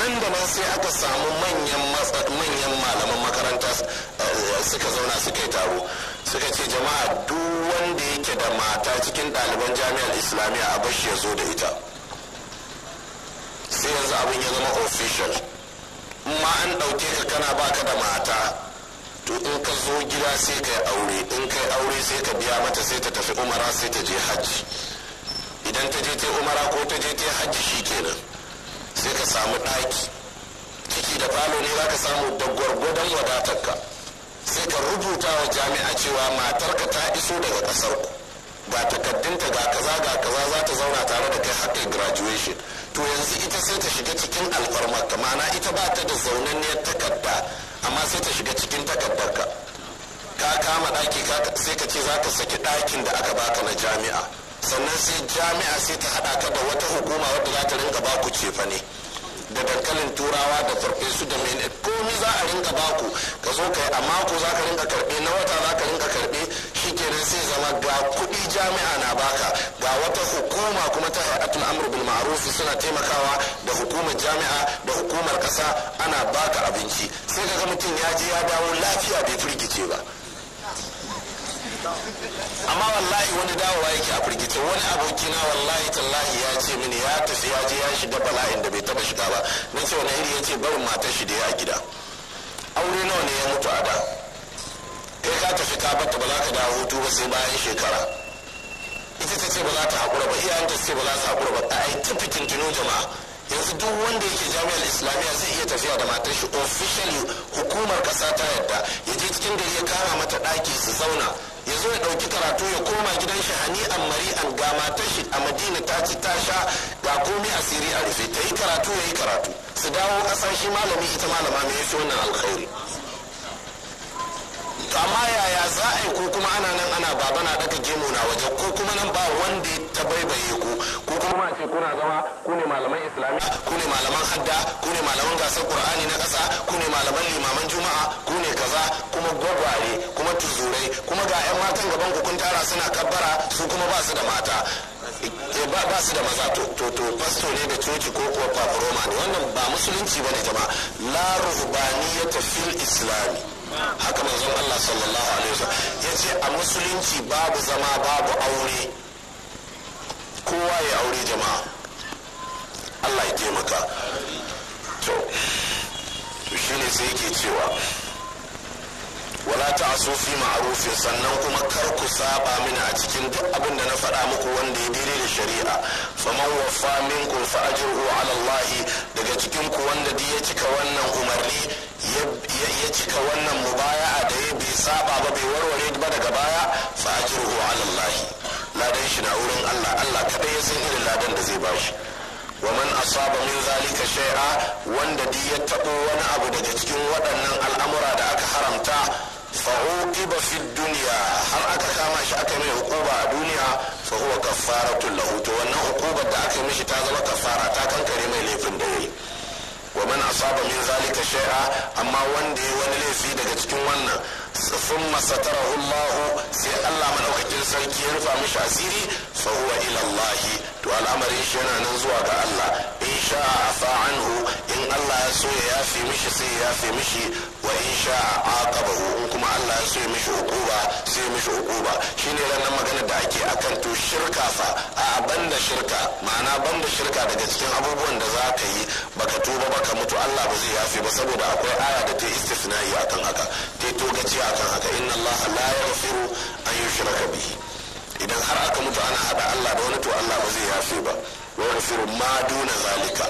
Speaker 1: nan da nan sai aka samu manyan malaman makaranta eh, suka zauna suka yi taro suka ce jama'a duk wanda yake da mata cikin ɗaliban jami'ar islamiyya a bashi ya zo da ita sai yanzu abin ya zama official ma an ɗauke ka kana baka da mata to in ka zo gida sai ka aure in ka aure sai ka biya mata sai ta tafi umara sai ta je hajji idan ta je ta umara ko ta je ta hajji shi kenan sai ka samu ɗaki ciki da falo ne za ka samu da gwargwadon wadatarka sai ka rubuta wa jami'a cewa matarka ta iso daga kasar ga takaddunta ga kaza ga kaza za ta zauna tare da kai har graduation to yanzu ita sai ta shiga cikin alfarmarka ma'ana ita ba ta da ne takadda amma sai ta shiga cikin takaddar ka kama ka sai ka ce za ka saki ɗakin da aka baka na jami'a sannan sai jami'a sai ta haɗa ka da wata hukuma wadda za ta rinka baku cefa ne da dankalin turawa da farfesu da mene komi za a rinka baku ka zo kai a mako za ka rinka karbe na wata za ka rinka karbe shi shikenan sai zama ga kuɗi jami'a na baka ga wata hukuma kuma ta hay'atul amru bil ma'ruf suna taimakawa da hukumar jami'a da hukumar kasa ana baka abinci sai ka ga mutum ya je ya dawo lafiya bai firgice ba amma wallahi wani dawowa yake a firgice wani abokina wallahi tallahi ya ce mini ya tafi ya je ya shiga bala'in da bai taba shiga ba na ce wani iri ya ce barin matar shi da ya gida aure nawa ne ya mutu a da kai ka tafi ka bata ba za ka dawo hutu ba sai bayan shekara ita ta ce ba za ta haƙura ba iyayenta ce ba za ta haƙura ba a yi ta fitintinu jama'a yanzu duk wanda yake jami'ar islamiyya zai iya tafiya da matar shi officially hukumar kasa ta yadda ya je cikin gari ya kama mata ɗaki su zauna ya zo ya ɗauki karatu ya koma gidan shi hani an mari an ga matar shi a madina ta ci ta sha ga komi asiri a rufe ta yi karatu ya yi karatu su dawo ƙasa shi malami ita malama mai yafi wannan alkhairi to amma yaya za a yi ko kuma ana nan ana baba na daga gemu na waje ko kuma nan ba wanda ya tabaibaye ku ko kuma ce kuna zama ku ne malaman islamiyya ku ne malaman hadda ku ne malaman gasar qur'ani na kasa ku ne malaman limaman juma'a ku ne kaza kuma gwagware kuma tuzurai kuma ga yan matan gaban ku kun tara suna kabbara su kuma ba su da mata eh, ba su da maza to to to pasto ne da coci ko kuwa papa wannan ba musulunci bane jama'a la ruhbaniyata fil islami haka manzon Allah sallallahu alaihi wasallam ya ce a musulunci babu zama babu aure kowa ya aure jama'a Allah ya taimaka to shi ne sai yake cewa wala ta'asu fi maarufin sannan kuma kar ku saba mini a cikin duk abin da na faɗa muku wanda ya daidai da shari'a faman waffa minkum fa ajruhu ala Allah daga cikin ku wanda duk ya cika wannan umarni ya cika wannan mubaya'a da ya bai saba ba bai warware ba daga baya fa ajruhu ala Allah ladan shi na wurin Allah Allah kada ya san irin ladan da zai bashi ومن أصاب من ذلك شيئا وان دي يتقو وانا أبو دجتكم وانا الأمر دا أكحرمتا fa'uqiba fi dunya har aka kama shi aka mai hukuma a duniya fa huwa kafaratul lahu to wannan hukubar da aka yi mishi ta zama kafara ta kankare mai laifin dare. yayi wa man asaba min zalika shay'a amma wanda ya wani laifi daga cikin wannan thumma satarahu Allah sai Allah madaukakin sarki ya rufa mishi asiri fa huwa ila Allah to al'amarin shi yana nan zuwa ga Allah in sha'a afa anhu Allah ya so ya yafe mishi sai ya yafe mishi wa in aqabahu in kuma Allah ya so ya mishi uquba sai ya mishi uquba shine ranar magana da ake akan to shirka fa a banda shirka ma'ana banda shirka daga cikin abubuwan da za ka yi baka tuba baka mutu Allah ba zai yafe ba saboda akwai aya da ta istisna'i akan haka ta togaci akan haka inna Allah la yaghfiru an yushraka bihi idan har aka mutu ana hada Allah da wani to Allah ba zai yafe ba wa yaghfiru ma duna zalika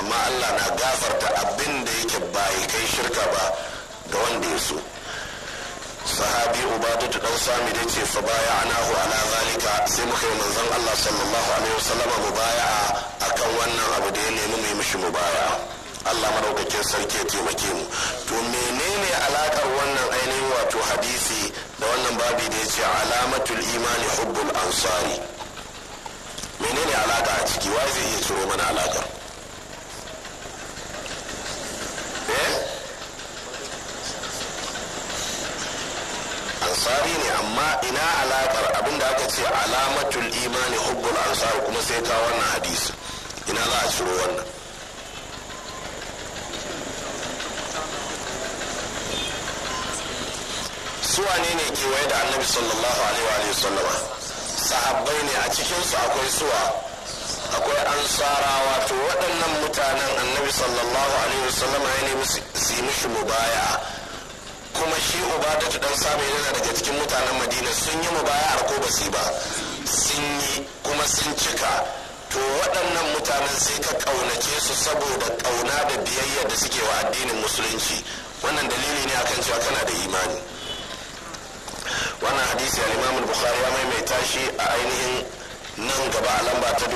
Speaker 1: amma allah na gafarta abin da yake bai kai shirka ba ga wanda ya so sahabi ta dan sami da ce fa baya anahu ala zalika sai muka yi manzon allah sallallahu alaihi wasallama mubaya'a akan wannan abu da ya nemi mu yi mishi baya Allah maraukakin sarki ya taimake mu to menene alakar wannan ainihin wato hadisi da wannan babi da ya ce alamatul imani hubbul ansari menene alaka a ciki wa zai iya ciro mana alakar ansari ne amma ina alaƙar abinda aka ce alamatul imani hubbul ansar kuma sai ka wannan hadisi ina za a ciro wannan suwa ne kewaye da annabi sallallahu alaihi wa sallama sahabbai ne a cikinsu akwai suwa akwai ansarawa to waɗannan mutanen annabi sallallahu alaihi wa sallama ya nemi su yi mishi mubaya'a kuma shi uba da ta dan sami yana daga cikin mutanen madina sun yi mubaya'ar ko basi ba sun yi kuma sun cika to waɗannan mutanen sai ka ƙaunace su saboda ƙauna da biyayya da suke wa addinin musulunci wannan dalili ne akan cewa kana da imani wannan hadisi al-imam bukhari ya maimaita shi a ainihin nan gaba a lamba ta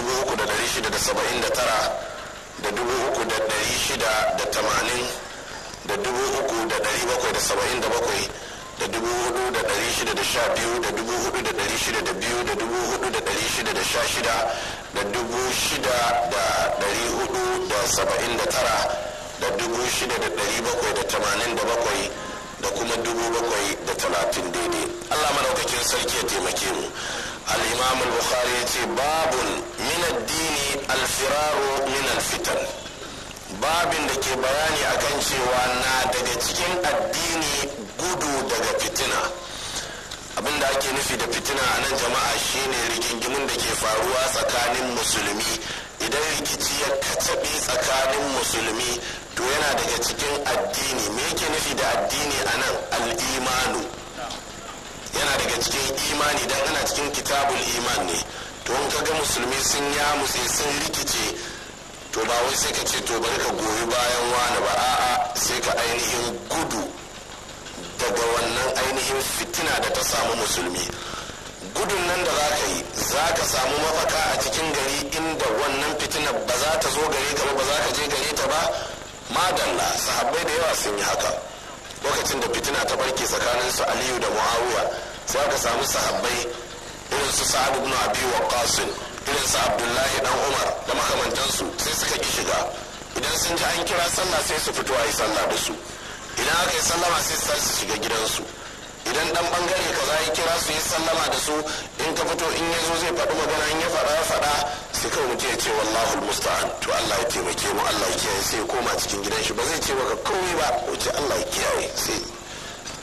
Speaker 1: uku da tamanin. da dubu uku da dari bakwai da saba'in da bakwai da dubu hudu da dari shida da sha biyu da dubu hudu da dari shida da biyu da dubu hudu da dari shida da sha shida da dubu shida da dari hudu da saba'in da tara da dubu shida da dari bakwai da tamanin da bakwai da kuma dubu bakwai da talatin daidai allah madaukakin sarki ya taimake mu al-imam al-bukhari ya ce babun min addini al-firaru min al-fitan babin da ke bayani a kan cewa na daga cikin addini gudu daga fitina abin da ake nufi da fitina a nan jama'a shine rigingimin da ke faruwa tsakanin musulmi idan rikici ya kacabe tsakanin musulmi to yana daga cikin addini me yake nufi da addini a nan al'imanu yana daga cikin imani dan ana cikin kitabul iman ne to in ga musulmi sun yamutse sun rikice to ba wai sai ka ce to bari ka goyi bayan wani ba a'a sai ka ainihin gudu daga wannan ainihin fitina da ta samu musulmi gudun nan da za ka yi za ka samu mafaka a cikin gari inda wannan fitina ba za ta zo gare ka ba ba za ka je gare ta ba madalla sahabbai da yawa sun yi haka lokacin da fitina ta barke tsakanin su aliyu da muawiya sai ka samu sahabbai irin su sa'ad ibn abi waqqas irin su abdullahi dan umar da makamantansu sai suka ki shiga idan sun ji an kira sallah sai su fito a yi sallah da su idan aka yi sallama sai su su shiga gidansu idan dan bangare kaza ya kira su yi sallama da su in ka fito in ya zo zai faɗi magana in ya faɗa ya faɗa sai kawai mutum ya ce wallahu musta'an to Allah ya taimake mu Allah ya kiyaye sai ya koma cikin gidan shi ba zai ce maka kawai ba wuce Allah ya kiyaye sai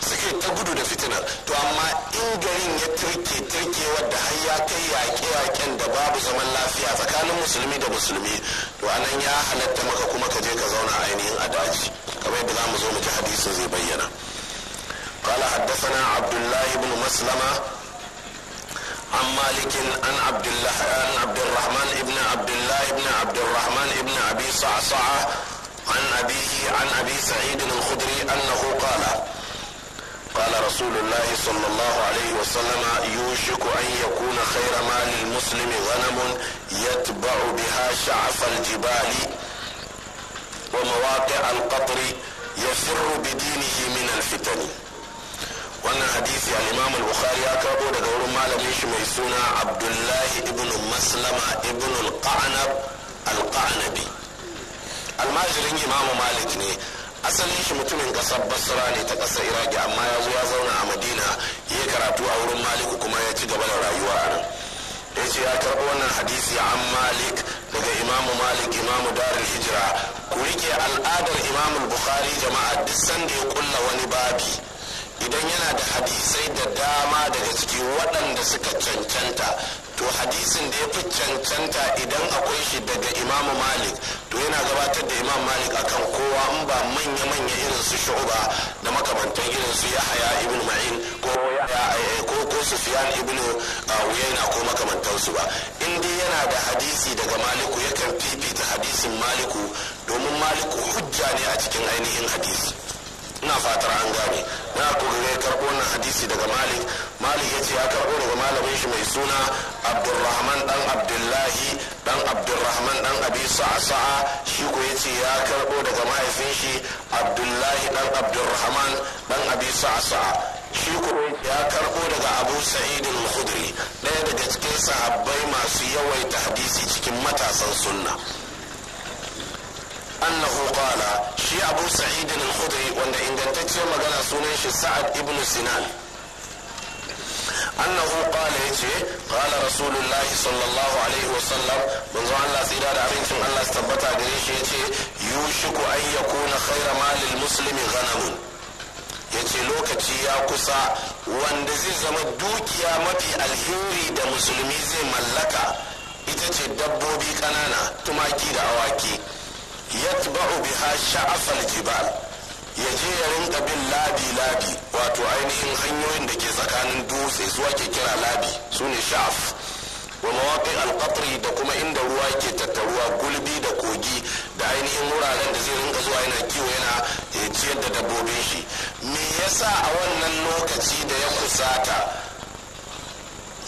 Speaker 1: suke ta gudu da fitina to amma in garin ya turke turke wadda har ya kai yaƙe yaƙen da babu zaman lafiya tsakanin musulmi da musulmi to anan ya halatta maka kuma ka je ka zauna ainihin a daji kamar yadda za mu zo mu ji hadisin zai bayyana قال حدثنا عبد الله بن مسلمه عن مالك عن عبد الله عن عبد الرحمن بن عبد الله بن عبد الرحمن بن ابي صعصعه عن ابيه عن ابي سعيد الخدري انه قال قال رسول الله صلى الله عليه وسلم يوشك أن يكون خير مال المسلم غنم يتبع بها شعف الجبال ومواقع القطر يفر بدينه من الفتن وانا حديث يعني الامام البخاري اكابو دقور ما لميش ميسونا عبد الله ابن مسلم ابن القعنب القعنبي الماجرين امام مالك نيه asalin shi mutumin kasar basra ne ta kasar iraki amma ya zo ya zauna a madina ya karatu a wurin maliku kuma ya ci gaba da rayuwa a nan ya ce ya karɓi wannan hadisi an malik daga imamu malik imamu darul hijira ku rike al'adar imamu bukhari jama'a duk sanda ya kulla wani babi idan yana da hadisai da dama daga ciki waɗanda suka cancanta to hadisin da ya fi cancanta idan akwai shi daga imam malik to yana gabatar da imam malik akan kowa in ba manya-manya irin su shu'uba da makamantan irin su ya haya ibn ma'in eh, ko ko sufyan ibn ah, na ko su ba in dai yana da hadisi daga maliku yakan fifita hadisin maliku domin maliku hujja ne a cikin ainihin hadisi ina fatar an gane na ya karɓo wannan hadisi daga malik malik ya ce ya karɓo daga malamin shi mai suna abdulrahman dan abdullahi dan abdulrahman dan abi sa'a shi ko ya ce ya karɓo daga mahaifin shi abdullahi dan abdulrahman dan abi sa'a shi ya karbo daga abu sa'id al-khudri daya daga cikin sahabbai masu yawaita hadisi cikin matasan sunna annahu qala shi abu sa'id al-khudri wanda ingantacciyar magana sunan shi sa'ad Ibnu sinan annahu qala yace qala rasulullahi sallallahu alaihi wasallam manzo Allah tsira da abincin Allah su tabbata gare shi yace yushiku an yakuna khayra malil muslimi ghanamun yace lokaci ya kusa wanda zai zama dukiya mafi alheri da musulmi zai mallaka ita ce dabbobi ƙanana, tumaki da awaki yatba'u biha sha'afal jibal ya ya rinka bin labi labi wato ainihin hanyoyin da ke tsakanin dutse su ake kira labi su ne sha'af wa mawaƙin alƙatri da kuma inda ruwa ke tattaruwa gulbi da kogi da ainihin wuraren da zai rinka zuwa yana kiwo yana ciyar da dabbobin shi me yasa a wannan lokaci da ya kusata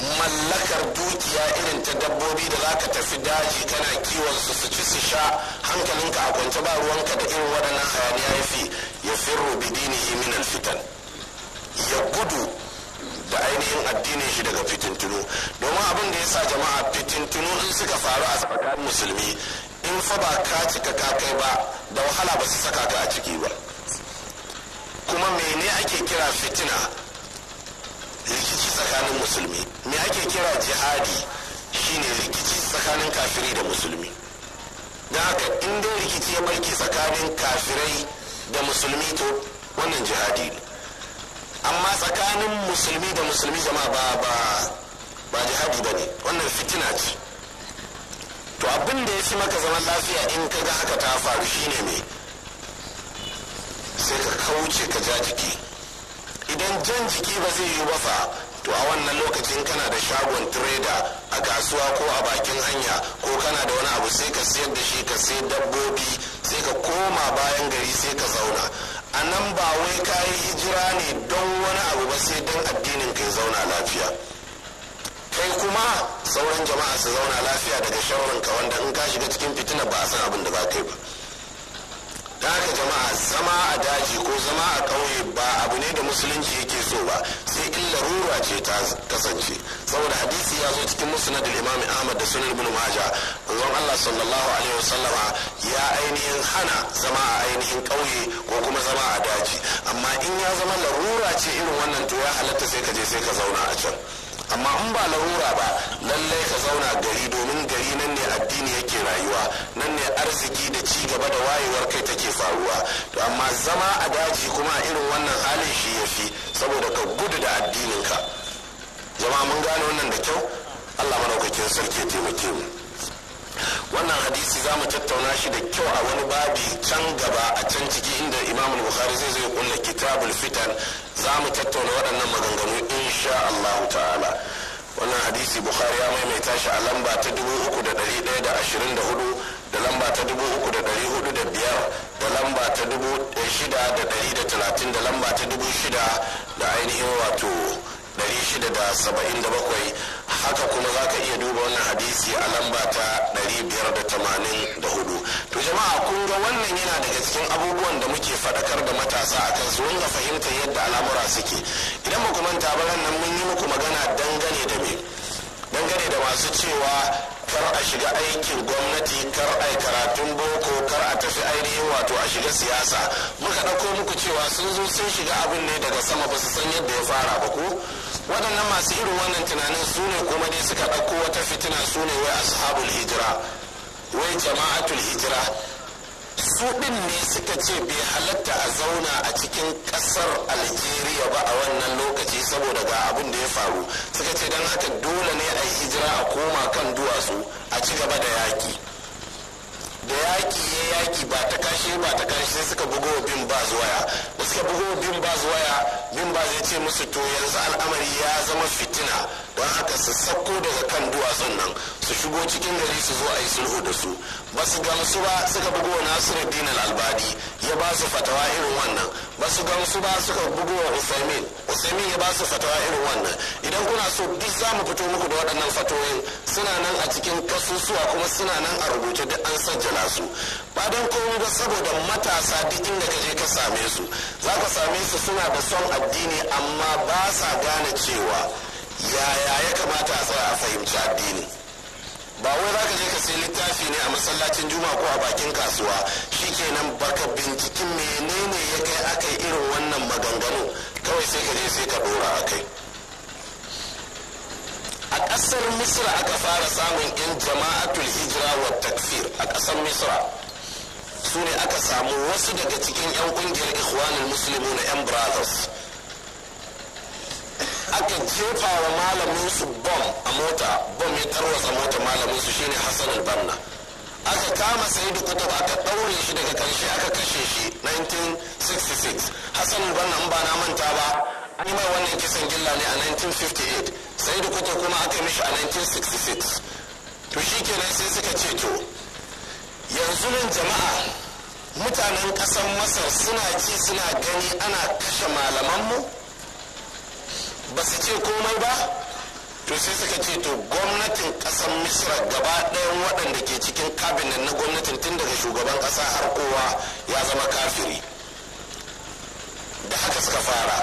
Speaker 1: mallakar dukiya irin ta dabbobi da zaka tafi daji kana kiwon su su ci su sha hankalinka a kwance ba ruwanka da irin waɗannan hayaniya ya fi ya firru bidinihi min alfitan ya gudu da ainihin addinin shi daga fitintunu domin abin da ya sa jama'a fitintunu in suka faru a tsakanin musulmi in fa ba ka cika ka kai ba da wahala ba su saka ka a ciki ba kuma mene ake kira fitina rikici tsakanin musulmi me ake kira jihadi shine rikici tsakanin kafiri da musulmi don haka in dai rikici ya barki tsakanin kafirai da musulmi to wannan jihadi ne amma tsakanin musulmi da musulmi jama ba ba ba jihadi ba ne wannan fitina ce to abin da ya fi maka zaman lafiya in ka ga haka ta faru shine ne. sai ka kauce ka ja jiki idan jan jiki ba zai yi wafa to a wannan lokacin kana da shagon trader a kasuwa ko a bakin hanya ko kana da wani abu sai ka sayar da shi ka sai dabbobi sai ka koma bayan gari sai ka zauna a nan ba wai ka yi hijira ne don wani abu ba sai don addinin ka zauna lafiya kai kuma sauran jama'a su zauna lafiya daga sharrin ka wanda in ka shiga cikin fitina ba a san abin da ba kai ba da haka jama'a zama a daji ko zama a ƙauye ba abu ne da musulunci yake so ba sai in larura ce ta kasance saboda hadisi ya zo cikin musnad imam ahmad da sunan ibn maja ruwan allah sallallahu alaihi sallama ya ainihin hana zama a ainihin ƙauye ko kuma zama a daji amma in ya zama larura ce irin wannan to ya halatta sai ka je sai ka zauna a can amma in ba larura ba lallai ka zauna gari domin gari nan ne addini yake rayuwa nan ne arziki da ci gaba da wayewar kai take faruwa to amma zama a daji kuma irin wannan halin shi ya fi saboda ka gudu da addininka jama'a mun gane wannan da kyau allah madaukakin sarki ya taimake mu wannan hadisi za mu tattauna shi da kyau a wani babi can gaba a can ciki inda imam bukhari zai zai kulla kitabul fitan za mu tattauna waɗannan maganganu insha Allah ta'ala wannan hadisi bukhari ya maimaita shi a lamba ta dubu uku da ɗari ɗaya da ashirin da hudu da lamba ta dubu uku da ɗari hudu da biyar da lamba ta dubu shida da ɗari da talatin da lamba ta dubu shida da ainihin wato ɗari shida da saba'in da bakwai haka kuma za ka iya duba wannan hadisi a lamba ta 584 to jama'a kun ga wannan yana daga cikin abubuwan da muke faɗakar da matasa a kan su wanda fahimtar yadda al'amura suke idan muku manta ba nan mun yi muku magana dangane da me dangane da masu cewa kar a shiga aikin gwamnati kar a yi karatun boko kar a tafi ainihin wato a shiga siyasa muka ɗauko muku cewa sun zo sun shiga abin ne daga sama ba su san yadda ya fara ba ko waɗannan masu irin wannan tunanin su ne kuma dai suka ɗauko wata fitina su ne wai ashabul hijira wai jama'atul hijira su ɗin ne suka ce bai halatta a zauna a cikin ƙasar algeria ba a wannan lokaci saboda ga abin da ya faru suka ce don haka dole ne a hijira a koma kan duwatsu a ci gaba da yaƙi da yaƙi ya yaƙi ba ta kashe ba ta kashe sai suka bugo bin ba waya da suka bugo bin ba waya bin ba zai ce musu to yanzu al'amari ya zama fitina don haka su sauko daga kan duwatsun nan su shigo cikin gari su zo a yi sulhu da su ba su gamsu ba suka bugo nasiruddin al albadi ya ba su fatawa irin wannan ba su gamsu ba suka bugo wa usaimin usaimin ya ba su fatawa irin wannan idan kuna so duk za mu fito muku da waɗannan fatoyin suna nan a cikin kasusuwa kuma suna nan a rubuce duk an sajjala su ba don komai ba saboda matasa duk inda ka je ka same su za ka same su suna da son addini amma ba sa gane cewa yaya ya kamata a tsaya a fahimci addini ba wai za ka je ka sai littafi ne a masallacin juma'a ko a bakin kasuwa shi shikenan baka binciken menene ya kai aka yi irin wannan maganganu kawai sai ka je sai ka dora a kai a ƙasar misra aka fara samun yan jama'atul hijira wa takfir a ƙasar misra su ne aka samu wasu daga cikin yan ƙungiyar ikhwanul musulmi na yan brothers aka jefa wa malamin su bom a mota bom ya tarwatsa mota malamin su shine hassan albanna aka kama sayidu kutub aka ɗaure shi daga karshe aka kashe shi 1966 hassan albanna in ba na manta ba an yi mai wannan kisan gilla ne a 1958 sayidu kutub kuma aka mishi a 1966 to shi kenan sai suka ce to yanzu nan jama'a mutanen ƙasar masar suna ji suna gani ana kashe malamanmu mu ba su ce komai ba to sai suka ce to gwamnatin kasar misira gaba ɗayan waɗanda ke cikin kabinet na gwamnatin tun daga shugaban ƙasa har kowa ya zama kafiri da haka suka fara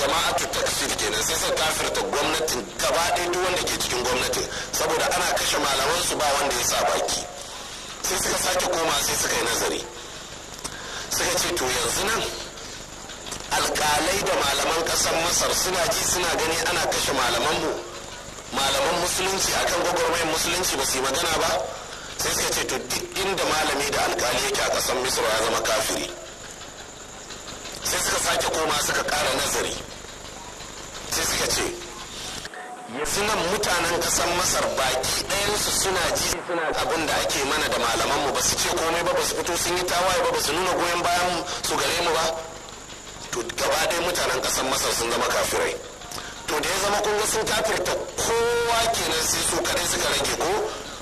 Speaker 1: jama'atu takfir kenan sai suka ta gwamnatin gaba ɗaya duk wanda ke cikin gwamnatin saboda ana kashe malaman su ba wanda ya sa baki sai suka sake koma sai suka yi nazari suka ce to yanzu nan alkalai da malaman kasar masar suna ji suna gani ana kashe malamanmu malaman musulunci akan gwagwarmayin musulunci ba su yi magana ba sai suka ce to duk inda malami da alkali yake a kasar misra ya zama kafiri sai suka sake koma suka ƙara nazari sai suka ce sunan mutanen kasar masar baki ɗayansu suna ji abin da ake mana da malamanmu ba su ce komai ba ba su fito sun yi tawaye ba ba su nuna goyon bayan su gare mu ba to gaba dai mutanen ƙasar masar sun zama kafirai to da ya zama kun ga sun kafirta kowa kenan sai su kaɗai suka rage ko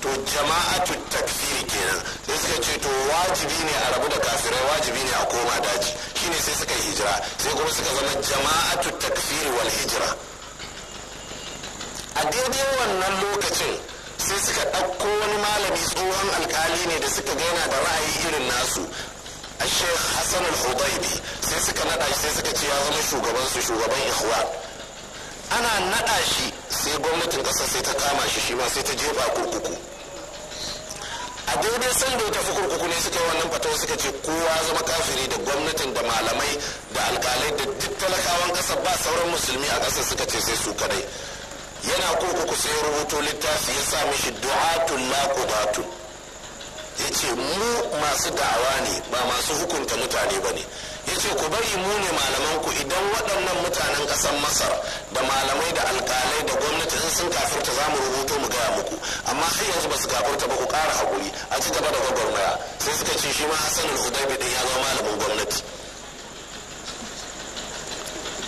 Speaker 1: to jama'atu takfiri kenan sai suka ce to wajibi ne a rabu da kafirai wajibi ne a koma daji shine sai suka hijira sai kuma suka zama jama'atu takfiri wal hijira a daidai wannan lokacin sai suka ɗauko wani malami tsohon alkali ne da suka gaina da ra'ayi irin nasu الشيخ حسن الحضيبي sai suka nada shi sai suka ce ya zama shugaban su shugaban ikhwan ana naɗa shi sai gwamnatin kasar sai ta kama shi shi sai ta jefa kurkuku a daidai san da ya tafi kurkuku ne suka yi wannan fatawa suka ce kowa zama kafiri da gwamnatin da malamai da alkalai da duk talakawan kasa ba sauran musulmi a kasa suka ce sai su kadai yana kurkuku sai rubuto littafi ya sa mishi du'atul la qudatun ya ce mu masu da'awa ne ba masu hukunta mutane ba ne ya ce ku bari mu ne malamanku idan waɗannan mutanen ƙasar masar da malamai da alƙalai da gwamnati sun sun kafirta za mu rubuto mu gaya muku amma har yanzu ba su kafirta ba ku ƙara haƙuri a ci gaba da gwagwarmaya sai suka ce shi ma hassanin hudaibi din ya zama malamin gwamnati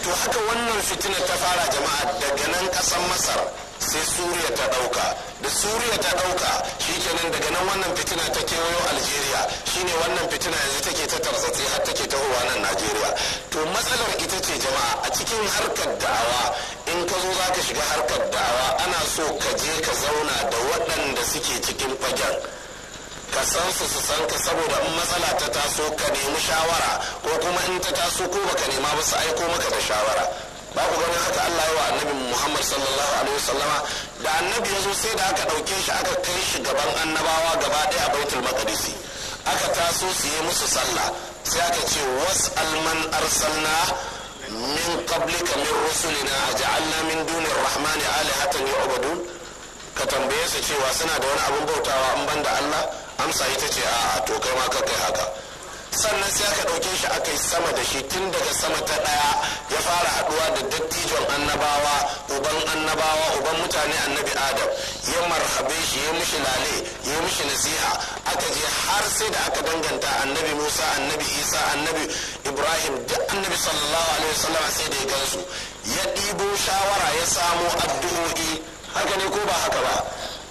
Speaker 1: to haka wannan fitina ta fara jama'a daga nan ƙasar masar sai suriya ta dauka da suriya ta dauka shikenan daga nan wannan fitina ta kewayo algeria shine wannan fitina yanzu take ta tarsatse har take ta huwa nan najeriya to matsalar ita ce jama'a a cikin harkar da'awa in ka zo za ka shiga harkar da'awa ana so ka je ka zauna da waɗanda suke cikin fagen ka san su su san ka saboda in matsala ta taso ka nemi shawara ko kuma in ta taso ko baka nema ba su aiko maka da shawara ba ku ganin haka Allah yawa annabi Muhammad sallallahu alaihi wasallama da annabi ya zo sai da aka ɗauke shi aka kai shi gaban annabawa gaba ɗaya a baitul maqdisi aka taso su yi musu sallah sai aka ce was man arsalna min qablika min rusulina aj'alna min dunir rahmani alihatan yu'badun ka tambaye su cewa suna da wani abin bautawa in banda Allah amsa ita ce a'a to kai ma ka kai haka sannan sai aka ɗauke shi aka yi sama da shi tun daga sama ta ɗaya ya fara haɗuwa da dattijon annabawa uban annabawa uban mutane annabi adam ya marhabe shi ya mishi lale ya mishi nasiha aka je har sai da aka danganta annabi musa annabi isa annabi ibrahim duk annabi sallallahu alaihi wasallam sai da ya gansu ya ɗibo shawara ya samo addu'o'i haka ne ko ba haka ba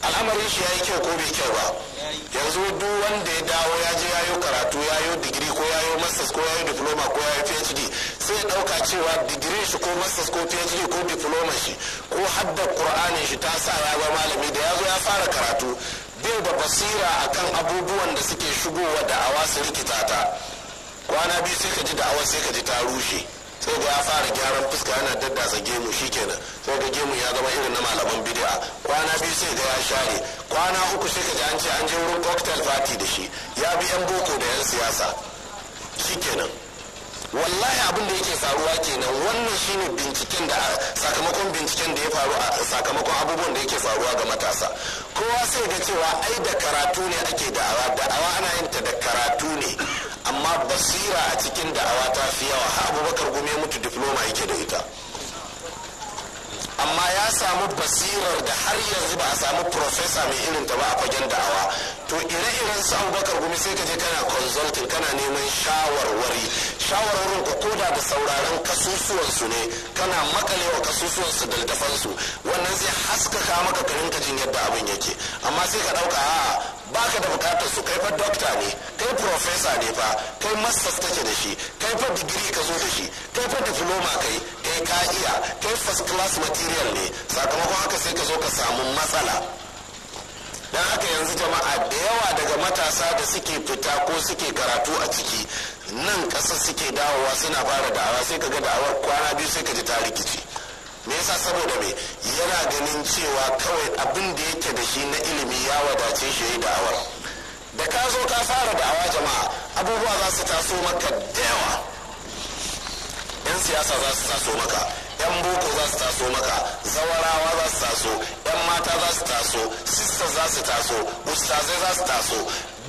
Speaker 1: al'amarin shi ya yi kyau ko bai kyau ba yanzu duk wanda ya dawo ya je yayo karatu yayo digiri ko yayo masters ko yayo diploma ko yayo phd sai ya dauka cewa digiri shi ko masters ko phd ko diploma shi ko hadda qur'ani shi ta sa ya ga malami da yazo ya fara karatu bai da basira akan abubuwan da suke shigowa da awa su rikita ta kwana biyu sai ka ji awa sai ka ji ta rushe sai da ya fara gyaran fuska yana daddasa gemu shikenan sai da gemu ya zama irin na malaman bid'a kwana biyu sai da ya share kwana uku sai ka ji an ce an je wurin cocktail party da shi ya bi yan boko da yan siyasa shi kenan. wallahi abin da yake faruwa kenan wannan shine binciken da sakamakon binciken da ya faru a sakamakon abubuwan da yake faruwa ga matasa kowa sai ga cewa ai da karatu ne ake da'awa da'awa ana yin ta da karatu ne amma basira a cikin da'awa ta fi yawa abubakar gume mutu diploma yake da ita amma ya samu basirar da har yanzu ba a samu profesa mai irin ta ba a fagen da'awa to ire-iren su abubakar gumi sai ka je kana consulting kana neman shawarwari shawarwarin ku koda da sauraron su ne kana makalewa su da su wannan zai haskaka maka karin jin yadda abin yake amma sai ka ɗauka a baka da bukatar su kai fa dokta ne kai profesa ne fa kai masters take da shi kai fa digiri ka zo da shi kai fa diploma kai kai eh, ka iya kai first class material ne sakamakon haka sai ka zo ka samu matsala don haka yanzu jama'a da yawa daga matasa da suke fita ko suke karatu a ciki nan ƙasa suke dawowa suna fara da'awa sai ka ga da'awar kwana biyu sai ka ji ta rikici me yasa saboda me yana ganin cewa kawai abin da yake da shi na ilimi ya wadace shi ya da'awar da ka zo ka fara da'awa jama'a abubuwa za su taso maka da yawa yan siyasa za su taso maka yan boko za su taso maka zawarawa za su taso yan mata za su taso sista za su taso ustazai za su taso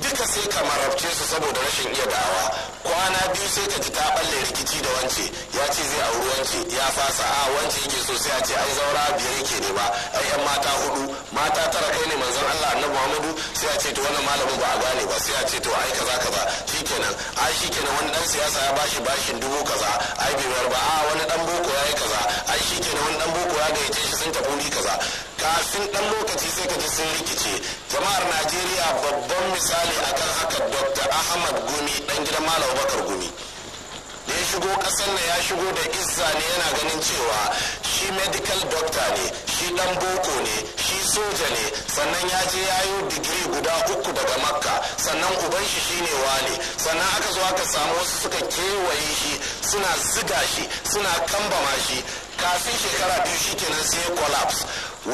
Speaker 1: duka sai ka marabce su saboda rashin iya da'awa kwana biyu sai ka ji ta balle rikici da wance ya ce zai auri wance ya fasa a wance yake so sai a ce ai zaura biyar yake ne ba ai yan mata hudu mata tara kai ne manzon Allah annabi Muhammadu sai a ce to wannan malamin ba a gane ba sai a ce to ai kaza kaza shikenan ai shikenan wani dan siyasa ya bashi bashin dubu kaza ai bai ba a wani dan boko yayi kaza ai shikenan wani dan boko ya gayyace shi sun tafi kaza kafin dan lokaci sai ka ji sun rikice jama'ar najeriya babban misali akan haka dr ahmad gumi ɗan gidan malam bakar gumi da ya shigo kasan na ya shigo da izza ne yana ganin cewa shi medical doctor ne shi ɗan boko ne shi soja ne sannan ya je ya yi digiri guda uku daga makka sannan uban shi shine wale sannan aka zo aka samu wasu suka kewaye shi suna ziga shi suna kambama shi kafin shekara biyu shikenan sai ya collapse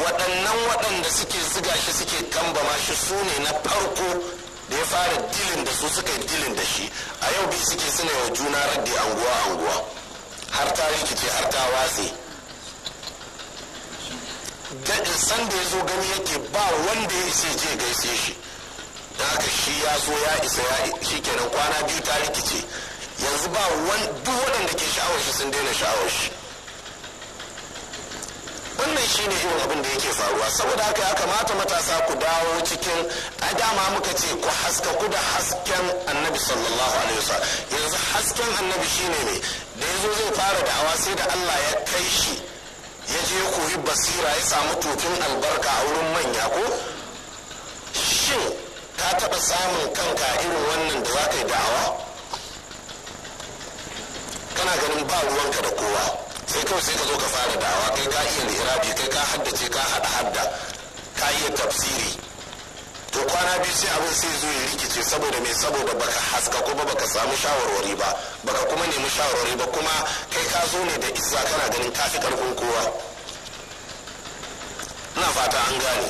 Speaker 1: waɗannan waɗanda suke ziga shi suke kambama shi su ne na farko da ya fara dilin da su suka yi dilin da shi a yau biyu suke suna yawa juna raddi anguwa anguwa har ta rikice har ta watse daɗin da ya zo gani yake ba wanda ya isa je gaishe shi da haka shi ya zo ya isa ya shi kenan kwana biyu ta rikice yanzu ba duk waɗanda ke sha'awar shi sun daina sha'awar shi shine irin abin da yake faruwa saboda haka ya kamata matasa ku dawo cikin a dama muka ce ku haska ku da hasken annabi sallallahu alaihi wasallam yanzu hasken annabi shine ne da yanzu zai fara da'awa sai da Allah ya kai shi ya je koyi basira ya samu tofin albarka a wurin manya ko shin ka taɓa samun kanka irin wannan da za ka yi da'awa kana ganin ba ruwanka da kowa sai kawai sai ka zo ka fara dawa kai ka iya lirabi kai ka haddace ka hada hadda ka iya tafsiri to kwana biyu sai abin sai zo ya rikice saboda mai saboda baka haska kuma baka samu shawarwari ba baka kuma nemi shawarwari ba kuma kai ka zo ne da isa kana ganin fi karfin kowa ina fata an gane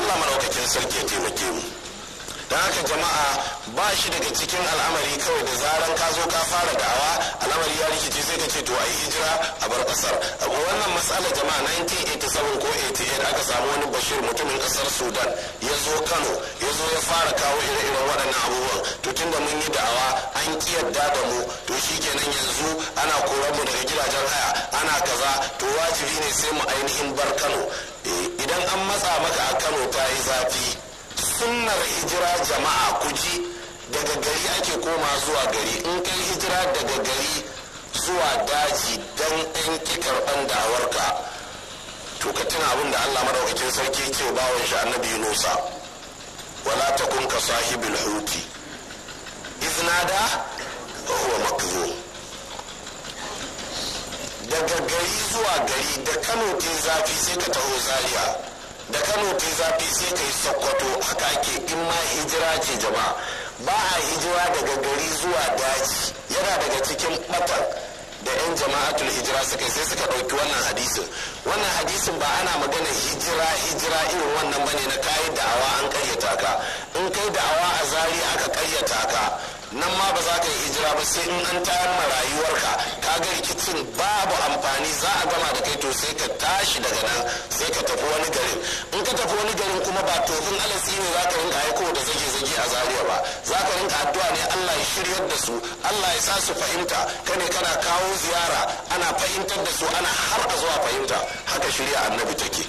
Speaker 1: Allah maraukakin sarki ya taimake mu don haka jama'a ba shi daga cikin al'amari kawai da zaran ka zo ka fara da'awa al'amari ya rikice sai ka ce to ai hijira a bar kasar wannan matsala jama'a 1987 ko 88 aka samu wani bashir mutumin kasar sudan ya zo kano ya zo ya fara kawo ire-iren waɗannan abubuwan to tunda mun yi da'awa an kiyarda da mu to shi shikenan yanzu ana koran mu daga gidajen haya ana kaza to wajibi ne sai mu ainihin bar kano eh, idan an matsa maka a kano ta yi zafi sunnar hijira jama'a ku ji daga gari ake koma zuwa gari in kai hijira daga gari zuwa daji dan ɗan kikar ɗan da'awarka to ka tuna abin da allah maɗaukakin sarki ce bawon shi annabi yunusa wala ta kun ka sahibin huti iznada da huwa makzum daga gari zuwa gari da kano ke zafi sai ka taho zaria da kano ta zafi sai ka yi sokoto haka ake in ma hijira ce jama'a ba a hijira daga gari zuwa daji yana daga cikin batan da 'yan jama'atul hijira suka sai suka ɗauki wannan hadisin wannan hadisin ba ana magana hijira hijira irin wannan bane na kayi da'awa an karyata ka in kai da'awa a zari aka karyata ka nan ma ba za ka yi hijira ba sai in an tayar ma rayuwarka ka ga rikicin babu amfani za a gama da kai to sai ka tashi daga nan sai ka tafi wani garin in ka tafi wani garin kuma ba tofin alasi ne za ka rinka aiko da zage zage a zaria ba za ka rinka addu'a ne Allah ya shiryar da su Allah ya sa su fahimta kane kana kawo ziyara ana fahimtar da su ana har a zuwa fahimta haka shirya annabi take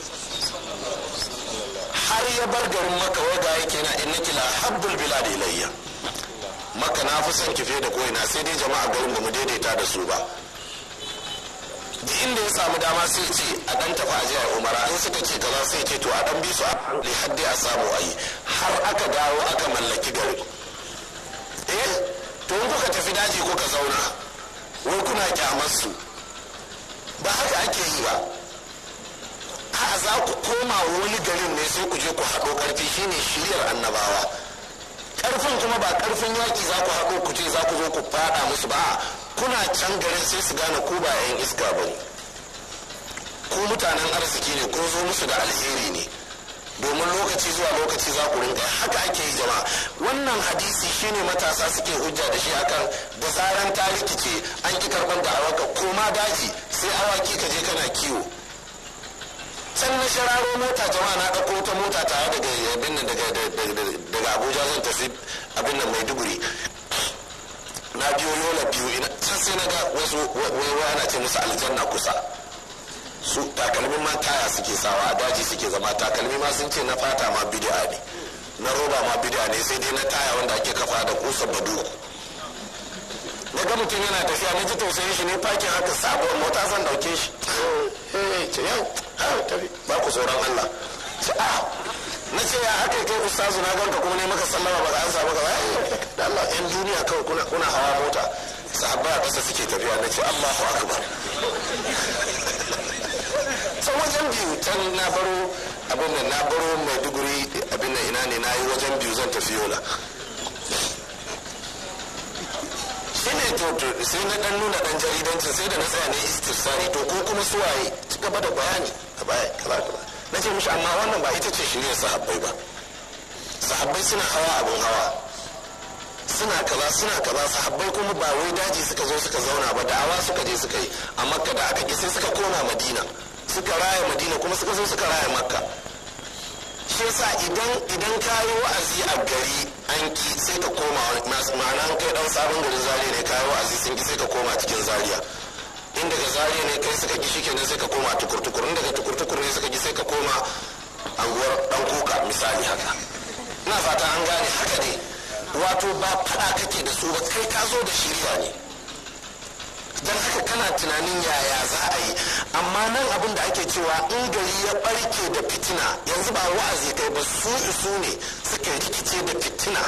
Speaker 1: har ya bar garin maka waga yake na innaki la habdul biladi ilayya maka na fi son kife da ko'ina sai dai jama'a garin ba mu daidaita da su ba da ya samu dama sai ce a dan tafi a jihar umara in suka ce kaza sai ce to a dan bi a hankali har dai a samu ayi har aka dawo aka mallaki gari eh to in kuka tafi daji ko ka zauna wai kuna kyamar su ba haka ake yi ba a za ku koma wani garin ne sai ku je ku haɗo ƙarfi shine shiryar annabawa karfin kuma ba karfin yaki za ku haɗo ku je za ku zo ku faɗa musu ba kuna can garin sai su gane ku ba yan iska ba ne ku mutanen arziki ne ko zo musu da alheri ne domin lokaci zuwa lokaci za ku rinka haka ake yi jama'a wannan hadisi shine matasa suke hujja da shi akan da zaran ta rikice an ki karban da awaka ko ma daji sai awaki ka je kana kiwo can na shararo mota jama'a na ɗauko wata mota tare daga abin nan daga abuja zan tafi abin nan maiduguri na biyo yola biyu ina can sai na ga wasu waiwa ana ce musu aljanna kusa su takalmin ma taya suke sawa a daji suke zama takalmi ma sun ce na fata ma bidi'a ne na roba ma bidi'a ne sai dai na taya wanda ake kafa da kusa badu ya ga mutum yana tafiya na ji tausayin shi ne fakin haka sabon mota zan dauke shi eh ce yau tafi ba ku tsoron Allah ce a ah. na ce ya haka kai ustazu na ganka kuma ne maka sallama ba an samu ka eh, da Allah yan duniya kawai kuna kuna hawa mota sahabba a ƙasa suke tafiya na ce allah ku akbar sau wajen biyu can na baro abin da na baro maiduguri abin da ina ne na yi wajen biyu zan tafi yola shi ne to sai na dan nuna dan jaridanci sai da na tsaya ne istirsani to ko kuma suwaye su gaba da bayani a baya kaza kaza na ce mishi amma wannan ba ita ce shirya sahabbai ba sahabbai suna hawa abin hawa suna kaza suna kaza sahabbai kuma ba wai daji suka zo suka zauna ba da'awa suka je suka yi a makka da aka sai suka koma madina suka raya madina kuma suka zo suka raya makka shi yasa idan idan ka yi wa'azi a gari an ki sai ka koma ma'ana an kai dan sabon garin zariya ne ka yi wa'azi sun ki sai ka koma cikin zariya in daga zariya ne kai suka ki shikenan sai ka koma tukur-tukur in daga tukur-tukur ne suka ki sai ka koma anguwar dan kuka misali haka ina fata an gane haka ne wato ba fada kake da su ba kai ka zo da shirya ne don haka kana tunanin yaya za a yi amma nan abin da ake cewa in gari ya barke da fitina yanzu ba wa'azi kai ba su isu ne suka rikice da fitina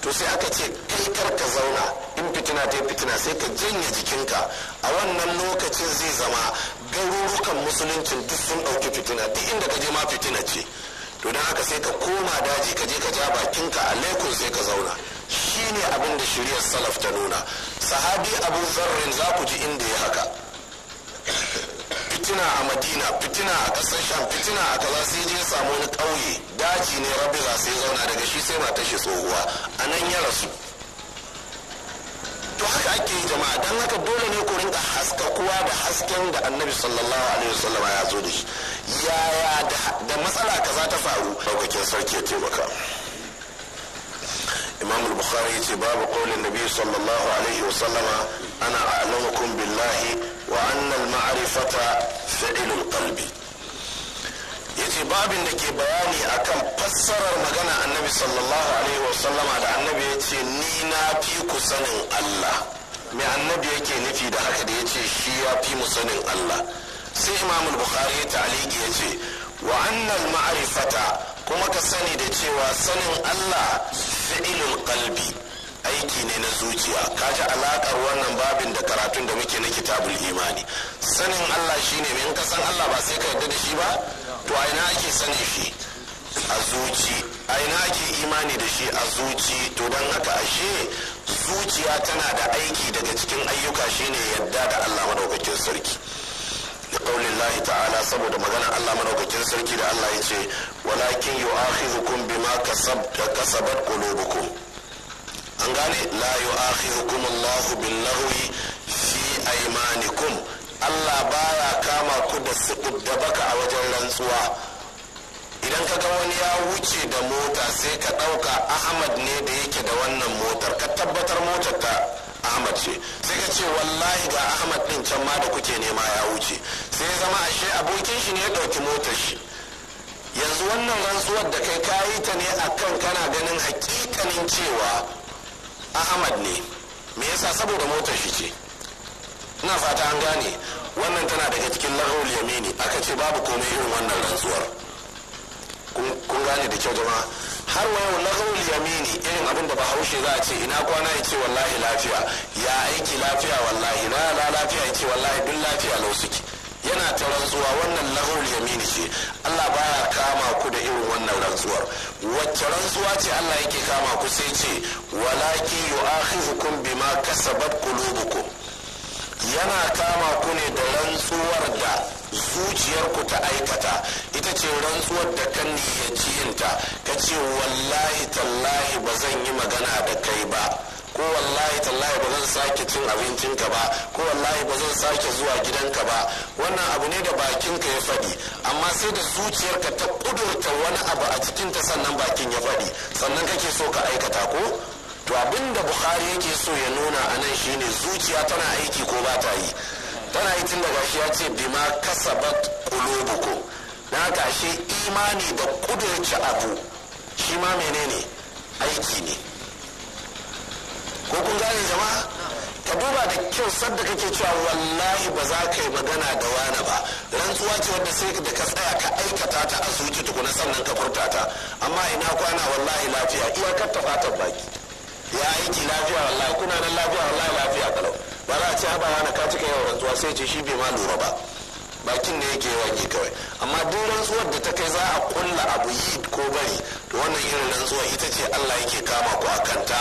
Speaker 1: to sai aka ce kai kar ka zauna in fitina ta fitina sai ka janye jikinka a wannan lokacin zai zama garurukan musuluncin duk sun ɗauki fitina duk inda ka je ma fitina ce to don haka sai ka koma daji ka je ka ja bakinka a laikun sai ka zauna shine abin da Shirya salaf ta nuna sahabi abu zarrin za ku ji inda ya haka fitina a madina fitina a ƙasar sham fitina a kaza sai je samu wani ƙauye daji ne Rabi su sai zauna daga shi sai mata shi tsohuwa a nan ya rasu to haka ake yi jama'a don haka dole ne ku rinka haska kuwa da hasken da annabi sallallahu alaihi wasallam ya zo da shi yaya da matsala za ta faru daukakin sarki ya taimaka imam al-bukhari ce babu qaulin nabi sallallahu alaihi wa sallama ana a'lamukum billahi wa anna al-ma'rifata fi'lul qalbi yace babin da ke bayani akan fassarar magana annabi sallallahu alaihi wa sallama da annabi yace ni na fi ku sanin Allah me annabi yake nufi da haka da yace shi ya fi mu sanin Allah sai imam al-bukhari ya ta'aliki yace wa annal ma'arifata kuma ka sani da cewa sanin Allah fi'ilul kalbi aiki ne na zuciya kaji alakar wannan babin da karatun da muke na kitabul imani sanin Allah shine ne in ka san Allah ba sai ka yarda da shi ba to a ake sani shi a zuci a ake imani da shi a zuci to don haka ashe zuciya tana da aiki daga cikin ayyuka shine yadda da Allah madaukakin sarki kaunin lahi ta'ala saboda maganar Allah madaukakin sarki da Allah ya ce walakin yu'akhidhukum bima kasabat qulubukum an gane la yu'akhidhukum Allah bil lahwi fi aymanikum Allah baya kama ku da sukud baka a wajen rantsuwa idan ka ga wani ya wuce da mota sai ka ɗauka Ahmad ne da yake da wannan motar ka tabbatar motar ta ahmad ce sai ka ce wallahi ga ahmad din can ma da kuke nema ya wuce sai ya zama ashe abokin shi ne ya ɗauki motar shi yanzu wannan rantsuwar da kai kayi ta ne akan kana ganin hakikanin cewa ahmad ne me yasa saboda motar shi ce ina fata an gane wannan tana daga cikin lahul yamini aka ce babu komai irin wannan rantsuwar kun gane da kyau jama'a har wa yau lagawul yamini irin abin da bahaushe za a ce ina kwana ya ce wallahi lafiya ya aiki lafiya wallahi na la lafiya ya ce wallahi duk lafiya lau suke yana ta rantsuwa wannan lahul yamini ce Allah baya kama ku da irin wannan rantsuwar wacce rantsuwa ce Allah yake kama ku sai ce walakin yu'akhizukum bima kasabat qulubukum yana kama ku ne da rantsuwar da zuciyarku ta aikata ita ce rantsuwar da kan niyyaci yinta ka ce wallahi tallahi ba zan yi magana da kai ba ko wallahi tallahi ba zan sake cin abincinka ba ko wallahi ba zan sake zuwa gidanka ba wannan abu ne da bakinka ya faɗi amma sai da zuciyarka ta ƙudurta wani abu a cikinta sannan bakin ya faɗi sannan kake so ka aikata ko to abinda buhari bukhari yake so ya nuna a nan shine zuciya tana aiki ko ba ta yi tana yi tun daga shi ya ce bima kasabat kulubuku na kashe shi imani da kudurci abu shi ma menene aiki ne ko kun gane jama'a ka duba da kyau sadda kake cewa wallahi ba za ka yi magana da wani ba rantsuwa ce wadda sai da ka tsaya ka aikata ta a zuci tukuna sannan ka furta ta amma ina kwana wallahi lafiya iyakar ta fatan baki ya aiki lafiya wallahi kuna nan lafiya wallahi lafiya kalau ba za a ce haba wani ka cika yawan rantsuwa sai ce shi bai ma lura ba bakin da yake yawan ke kawai amma duk rantsuwar da ta kai za a kulla abu yi ko bari to wannan irin rantsuwa ita ce Allah yake kama ku a kanta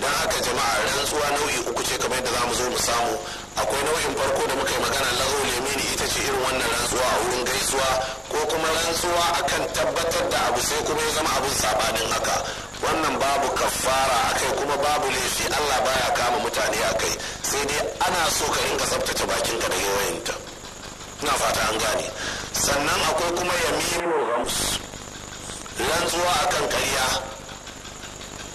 Speaker 1: don haka jama'a rantsuwa nau'i uku ce kamar yadda za mu zo mu samu akwai nau'in farko da muka yi magana lazo lemini ita ce irin wannan rantsuwa a wurin gaisuwa ko kuma rantsuwa akan tabbatar da abu sai kuma ya zama abin sabanin haka wannan babu kafara akai kuma babu laifi Allah baya kama mutane a kai sai dai ana so ka rinka tsaftace bakinka da yawayinta ina fata an gane sannan akwai kuma yaminu rams rantsuwa akan karya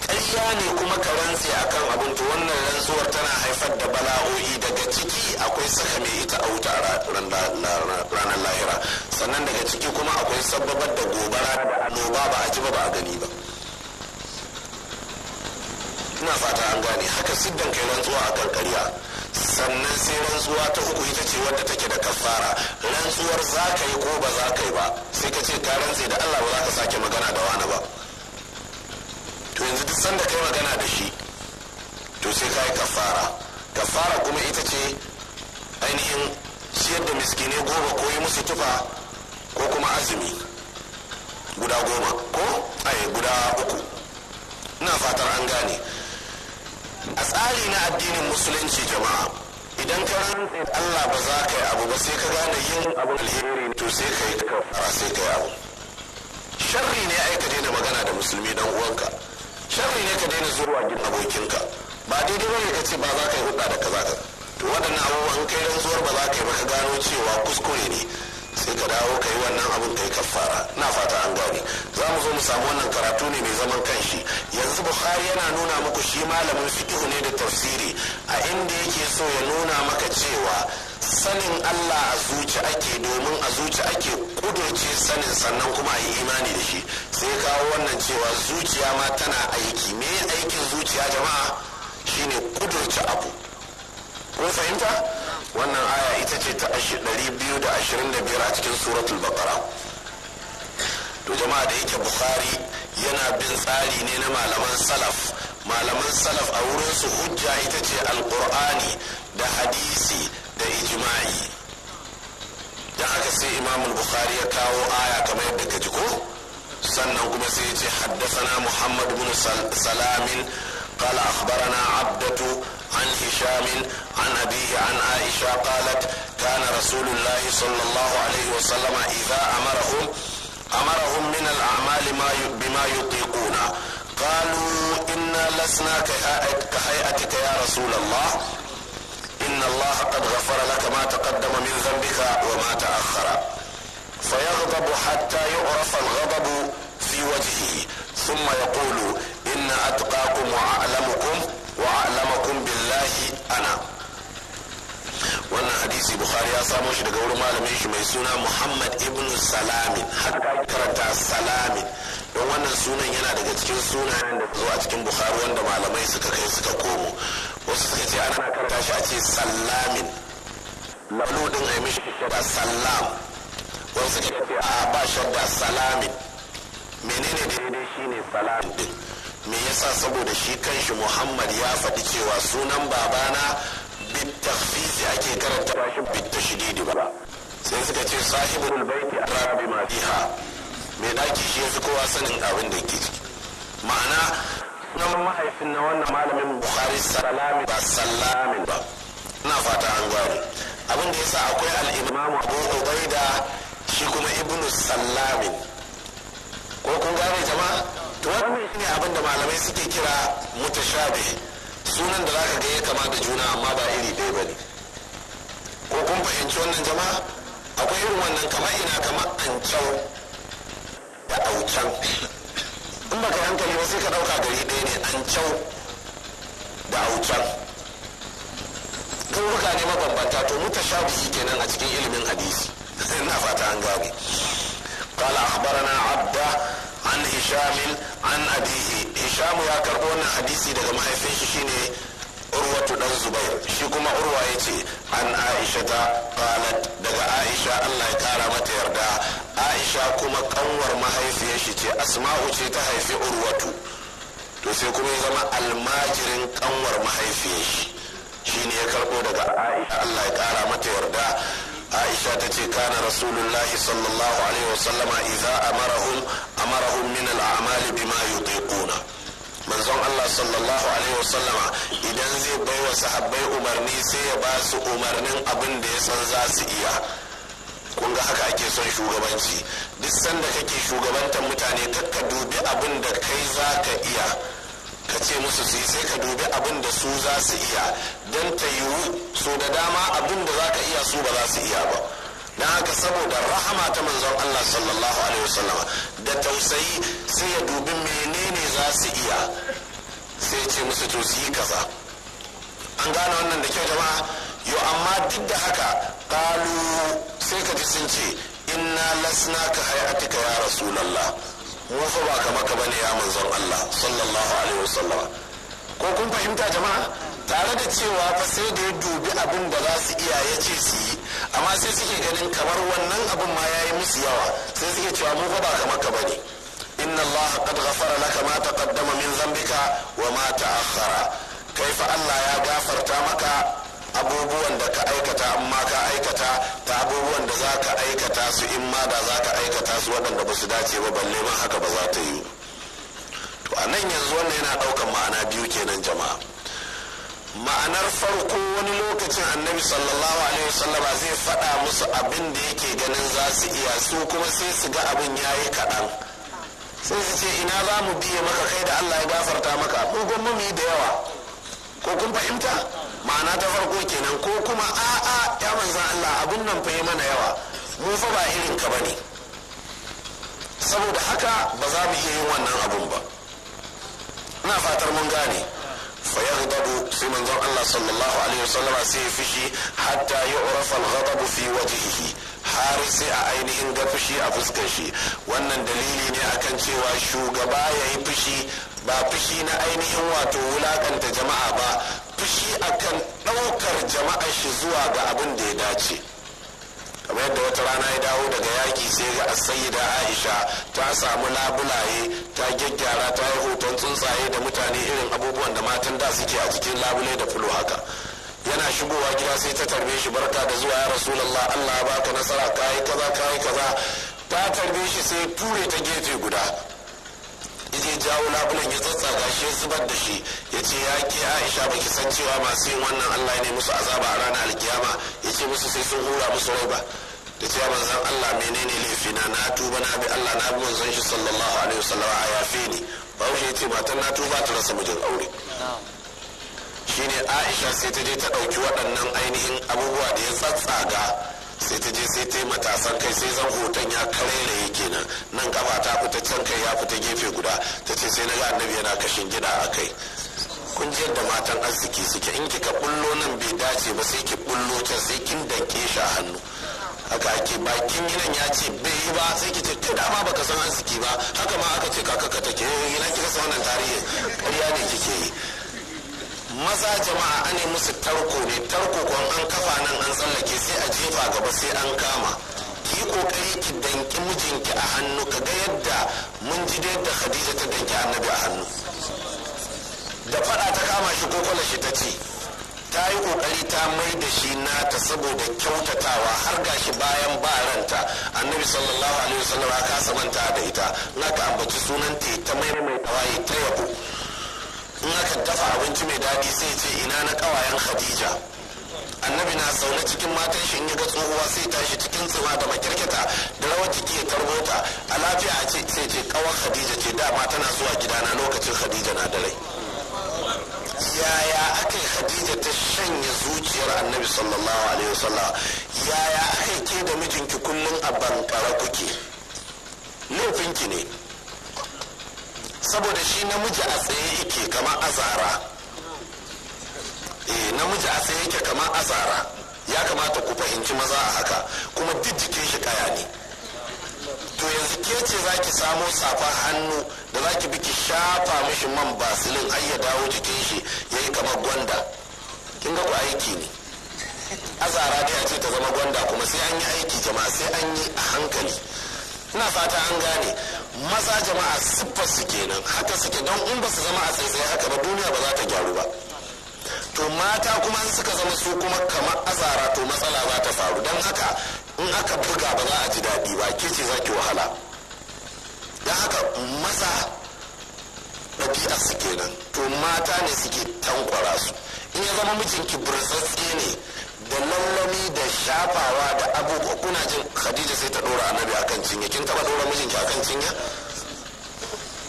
Speaker 1: karya ne kuma ka rantse akan abin to wannan rantsuwar tana haifar da bala'o'i daga ciki akwai saka mai ita a wuta ranar lahira sannan daga ciki kuma akwai sababar da gobara da annoba ba a ji ba ba a gani ba ina fata an gane haka siddan kai rantsuwa a kan ƙarya sannan sai rantsuwa ta uku ita ce wadda take da kafara rantsuwar za ka yi ko ba za ka yi ba sai ka ce ka rantse da allah ba za ka sake magana da wani ba to yanzu duk sanda kai magana da shi to sai ka yi kafara kafara kuma ita ce ainihin ciyar da miskine goma ko yi musu tufa ko kuma azumi guda goma ko ai guda uku ina fatar an gane a tsari na addinin musulunci jama'a idan ka rantse Allah ba za ka yi abu ba sai ka gane yin abu alheri to sai ka yi kafara sai ka yi abu sharri ne ai ka daina magana da musulmi dan uwanka sharri ne ka daina zuwa gidan abokinka ba daidai bane ka ce ba za ka yi hudda da kaza ka to waɗannan abubuwan kai zuwa ba za ka yi ba ka gano cewa kuskure ne sai ka dawo ka yi wannan abin ka yi kafara na fata an gane za mu zo mu samu wannan karatu ne mai zaman kanshi yanzu bukhari yana nuna muku shi malamin fikihu ne da tafsiri a inda yake so ya nuna maka cewa sanin allah a zuci ake domin a zuci ake kudurce sanin sannan kuma a yi imani da shi sai kawo wannan cewa zuciya ma tana aiki me aikin zuciya jama'a shine kudurce abu kun fahimta wannan aya ita ce ta 225 a cikin suratul baqara to jama'a da yake bukhari yana bin tsari ne na malaman salaf malaman salaf a wurinsu hujja ita ce alƙur'ani da hadisi da ijma'i da haka sai imamul bukhari ya kawo aya kamar yadda ka ji ko sannan kuma sai ya ce na muhammad bin salamin قال أخبرنا عبدة عن هشام عن أبيه عن عائشة قالت كان رسول الله صلى الله عليه وسلم إذا أمرهم أمرهم من الأعمال ما بما يطيقون قالوا إنا لسنا كهيئتك يا رسول الله إن الله قد غفر لك ما تقدم من ذنبك وما تأخر فيغضب حتى يعرف الغضب في وجهه ثم يقول إن أتقاكم وأعلمكم hadisi bukhari ya samo shi daga wurin malamin shi mai suna muhammad ibn salamin har karanta salamin don wannan sunan yana daga cikin sunayen da a cikin bukhari wanda malamai suka kai suka komo wasu suka ce ana karanta shi a ce salamin laludin a mishi da salam wasu suka ce a ba shadda salamin menene daidai shine salamin me yasa saboda shi kanshi muhammad ya faɗi cewa sunan babana bin tafsisi ake karanta ba shi bin ba sai suka ce sahibul baiti a bi ma fiha mai daki shi yafi kowa sanin abin da ke ma'ana nan mahaifin na wannan malamin bukhari salami ba salamin ba na fata an gwari abin da yasa akwai al-imamu abu ubaida shi kuma ibnu salamin ko kun gane jama'a to wannan shine abin da malamai suke kira mutashabih sunan da za ka ga ya kama da juna amma ba iri ɗaya ba ne ko kun fahimci wannan jama'a akwai irin wannan kama ina kama an ancan da aucan in baka hankali ba sai ka ɗauka gari ɗaya ne an ancan da aucan ɗauruka ne mabambanta to mutashabihi kenan a cikin ilimin hadisi na fata an gane قال أخبرنا عبده an hishamin an abihi hisham ya karbo wannan hadisi daga mahaifin shi shine urwatu dan zubair shi kuma urwa ya ce an aisha ta qalat daga aisha allah ya kara mata yarda aisha kuma kanwar mahaifiyar shi ce asma'u ce ta haifi urwatu to sai kuma ya zama almajirin kanwar mahaifiyar shi shine ya karbo daga aisha allah ya kara mata yarda aisha ta ce kana rasulullahi sallallahu alaihi wasallama iza amarahum amarahum min al'amali bima yutiquna manzon Allah sallallahu alaihi wasallama idan zai bai wa sahabbai umarni sai ya ba su umarnin abin da ya san za su iya kun ga haka ake son shugabanci duk sanda kake shugabantar mutane kakka dubi abin da kai za ka iya ka ce musu su yi sai ka dubi abin da su za su iya don ta yiwu so da dama abin da za ka iya su ba za su iya ba na haka saboda rahama ta manzon Allah sallallahu alaihi wasallam da tausayi sai ya dubi menene za su iya sai ya ce musu to su yi kaza an gane wannan da kyau jama'a yo amma duk da haka kalu sai ka ji sun ce inna lasna ka hayatika ya rasulallah mu fa ba kamar ka bane ya manzon Allah sallallahu alaihi wasallam ko kun fahimta jama'a tare da cewa fa sai da ya dubi abin da za su iya ya ce su yi amma sai suke ganin kamar wannan abin ma ya yi musu yawa sai suke cewa mu fa ba ka ka bane inna Allah qad ghafara laka ma taqaddama min zambika wa ma ta'akhkhara kaifa Allah ya gafarta maka abubuwan da ka aikata amma ka aikata ta abubuwan da za ka aikata su in ma da za ka aikata su waɗanda ba su dace ba balle ma haka ba za ta yi to a nan yanzu wannan yana ɗaukan ma'ana biyu kenan jama'a ma'anar farko wani lokacin annabi sallallahu alaihi wasallama zai faɗa musu abin da yake ganin za su iya su kuma sai su ga abin ya yi kaɗan sai su ce ina za mu biye maka kai da allah ya gafarta maka mu da yawa ko kun fahimta ma'ana ta farko kenan ko kuma a'a ya manzan Allah abin nan fa mana yawa mu fa ba irin ka bane saboda haka ba za mu iya yin wannan abun ba ina fatar mun gane فيغضب Allah Sallallahu alaihi صلى sai ya وسلم سي فشي حتى يعرف الغضب في وجهه harisi a ainihin ga fushi a fuskar shi wannan dalili ne akan cewa shugaba ya yi fushi ba fushi na ainihin wato wulakanta jama'a ba fushi akan ɗaukar jama'a shi zuwa ga abin da ya dace kamar yadda wata rana ya dawo daga yaki sai ga da aisha ta samu labulaye ta gyaggyara ta yi hoton tsuntsaye da mutane irin abubuwan da matan da suke a cikin labule da fulo haka yana shigowa gida sai ta tarbe shi barka da zuwa ya rasulallah allah baka nasara kayi kaza kayi kaza ta tarbe shi sai ture ta gefe guda ya jawo labulan ya tsatsaga shi ya zubar da shi ya ce ya ke aisha baki san cewa masu yin wannan allah ne musu azaba a ranar alkiyama ya ce musu sai sun hura musu rai ba da cewa manzon allah menene laifina na tuba na bi allah na bi zan shi sallallahu alaihi wasallam a yafe ni wuce ya ce matan na tuba ta rasa mijin aure shine aisha sai ta je ta ɗauki waɗannan ainihin abubuwa da ya tsatsaga sai ta je sai ta yi matasan kai sai zan hoton ya ya ke nan nan kafa ta fita can kai ya fita gefe guda ta ce sai na ga annabi yana kashin gida a kai kun ji yadda matan arziki suke in kika bullo nan bai dace ba sai ki bullo can sai kin danke shi a hannu haka ake bakin gidan ya ce bai yi ba sai ki ce ta dama baka san arziki ba haka ma aka ce kaka ka take eh, na kika sa wannan tarihi ƙarya ne kike yi maza jama'a an yi musu tarko ne tarko kwan an kafa nan an tsallake sai a jefa gaba sai an kama ki yi kokari ki danki mijinki a hannu ka ga yadda mun ji da yadda khadija ta danki annabi a hannu da fada ta kama shi ko kwala shi ta ce ta yi kokari ta mai da shi nata saboda kyautatawa har gashi bayan ba ranta annabi sallallahu alaihi wasallam ka manta da ita na ka ambaci sunanta ta mai mai tawaye ta yabo in aka dafa abinci mai daɗi sai ce ina na ƙawayen khadija annabi na zaune cikin matan shi in yi ga tsohuwa sai tashi cikin tsima da makirkita da rawar jiki ya ta a lafiya a ce sai ce ƙawar khadija ce dama tana zuwa gidana lokacin khadija na da rai yaya aka yi khadija ta shanya zuciyar annabi sallallahu alaihi wasallam yaya aka yi ke da mijinki kullum a bankara kuke laifinki ne saboda shi namiji a tsaye yake kamar azara eh namiji a tsaye yake kamar azara ya kamata ku fahimci maza a haka kuma duk jikin shi kaya ne to yanzu ke ce za ki samo safa hannu da za ki bi shafa mishi man basilin ai ya dawo jikin shi ya yi kamar gwanda kin ga ku aiki ne azara dai a ce ta zama gwanda kuma sai an yi aiki jama'a sai an yi a hankali ina fata an gane maza jama'a siffar su kenan haka suke don in ba su zama a tsaitsai haka ba duniya ba za ta gyaru ba to mata kuma in suka zama su kuma kamar azara to matsala za ta faru don haka in aka buga ba za a ji daɗi ba ke ce za ki wahala don haka maza ɗabi'a su kenan to mata ne suke tankwara su in ya zama mijinki burtsatse ne da lallami da shafawa da abubuwa kuna jin khadija sai ta dora annabi akan cinya kin taba dora mijinki akan cinya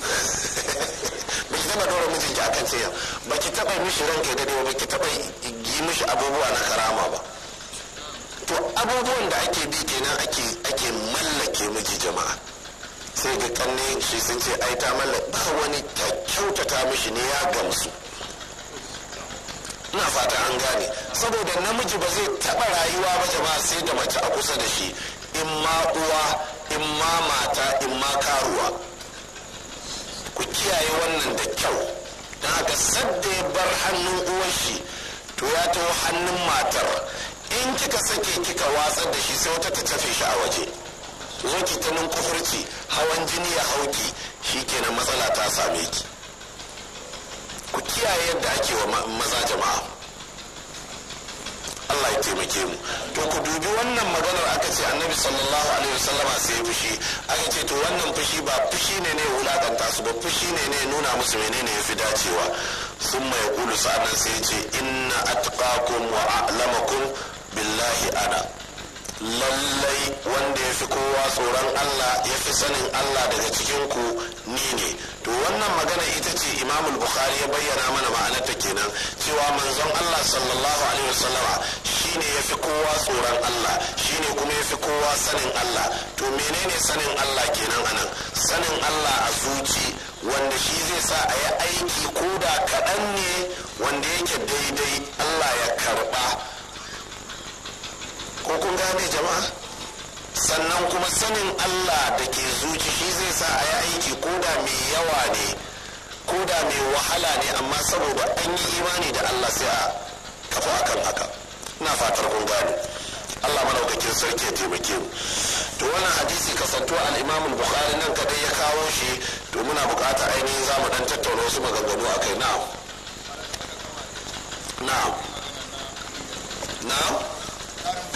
Speaker 1: ki taba dora mijinki akan cinya ba ki taba mishi ranke da dade ba ki taba yi mishi abubuwa na karama ba to abubuwan da ake bi kenan ake ake mallake miji jama'a sai ga kanne shi sun ce ai ta mallake ba wani ta kyautata mishi ne ya gamsu ina fata an gane saboda namiji ba zai taɓa rayuwa ba ba sai da mace a kusa da shi in ma uwa in ma mata in ma karuwa ku kiyaye wannan da kyau don haka sadda ya bar hannun uwan shi to ya taho hannun matar in kika sake kika watsar da shi sai wata ta tafe shi a waje zo ki ta ninkufurci hawan jini ya hauki shi kenan matsala ta same ki ku kiyaye yadda ake wa maza jama'a Allah ya taimake mu to ku dubi wannan maganar aka ce annabi sallallahu alaihi wasallam sai fushi aka ce to wannan fushi ba fushi ne ne wulakanta su ba fushi ne ne nuna musu menene ya fi dacewa sun mai kulu sa'annan sai ya ce inna atqakum wa a'lamakum billahi ana lallai wanda ya fi kowa tsoron Allah ya fi sanin Allah daga cikinku ni ne to wannan magana ita ce imamul Bukhari ya bayyana mana ma'anarta kenan cewa manzon Allah sallallahu alaihi wasallama shine ya fi kowa tsoron Allah shine kuma ya fi kowa sanin Allah to menene sanin Allah kenan anan sanin Allah a zuci wanda shi zai sa a yi aiki ko da kaɗan ne wanda yake daidai Allah ya karɓa ko kun gane jama'a sannan kuma sanin allah da ke zuci shi zai sa a yi aiki ko da mai yawa ne ko da mai wahala ne amma saboda an yi imani da allah sai a kafa akan haka ina fatar kun gane allah madaukakin sarki ya taimake mu to wannan hadisi kasantuwa al bukari nan kadai ya kawo shi to muna bukata ainihin za mu dan tattauna wasu maganganu a kai na'am na'am na'am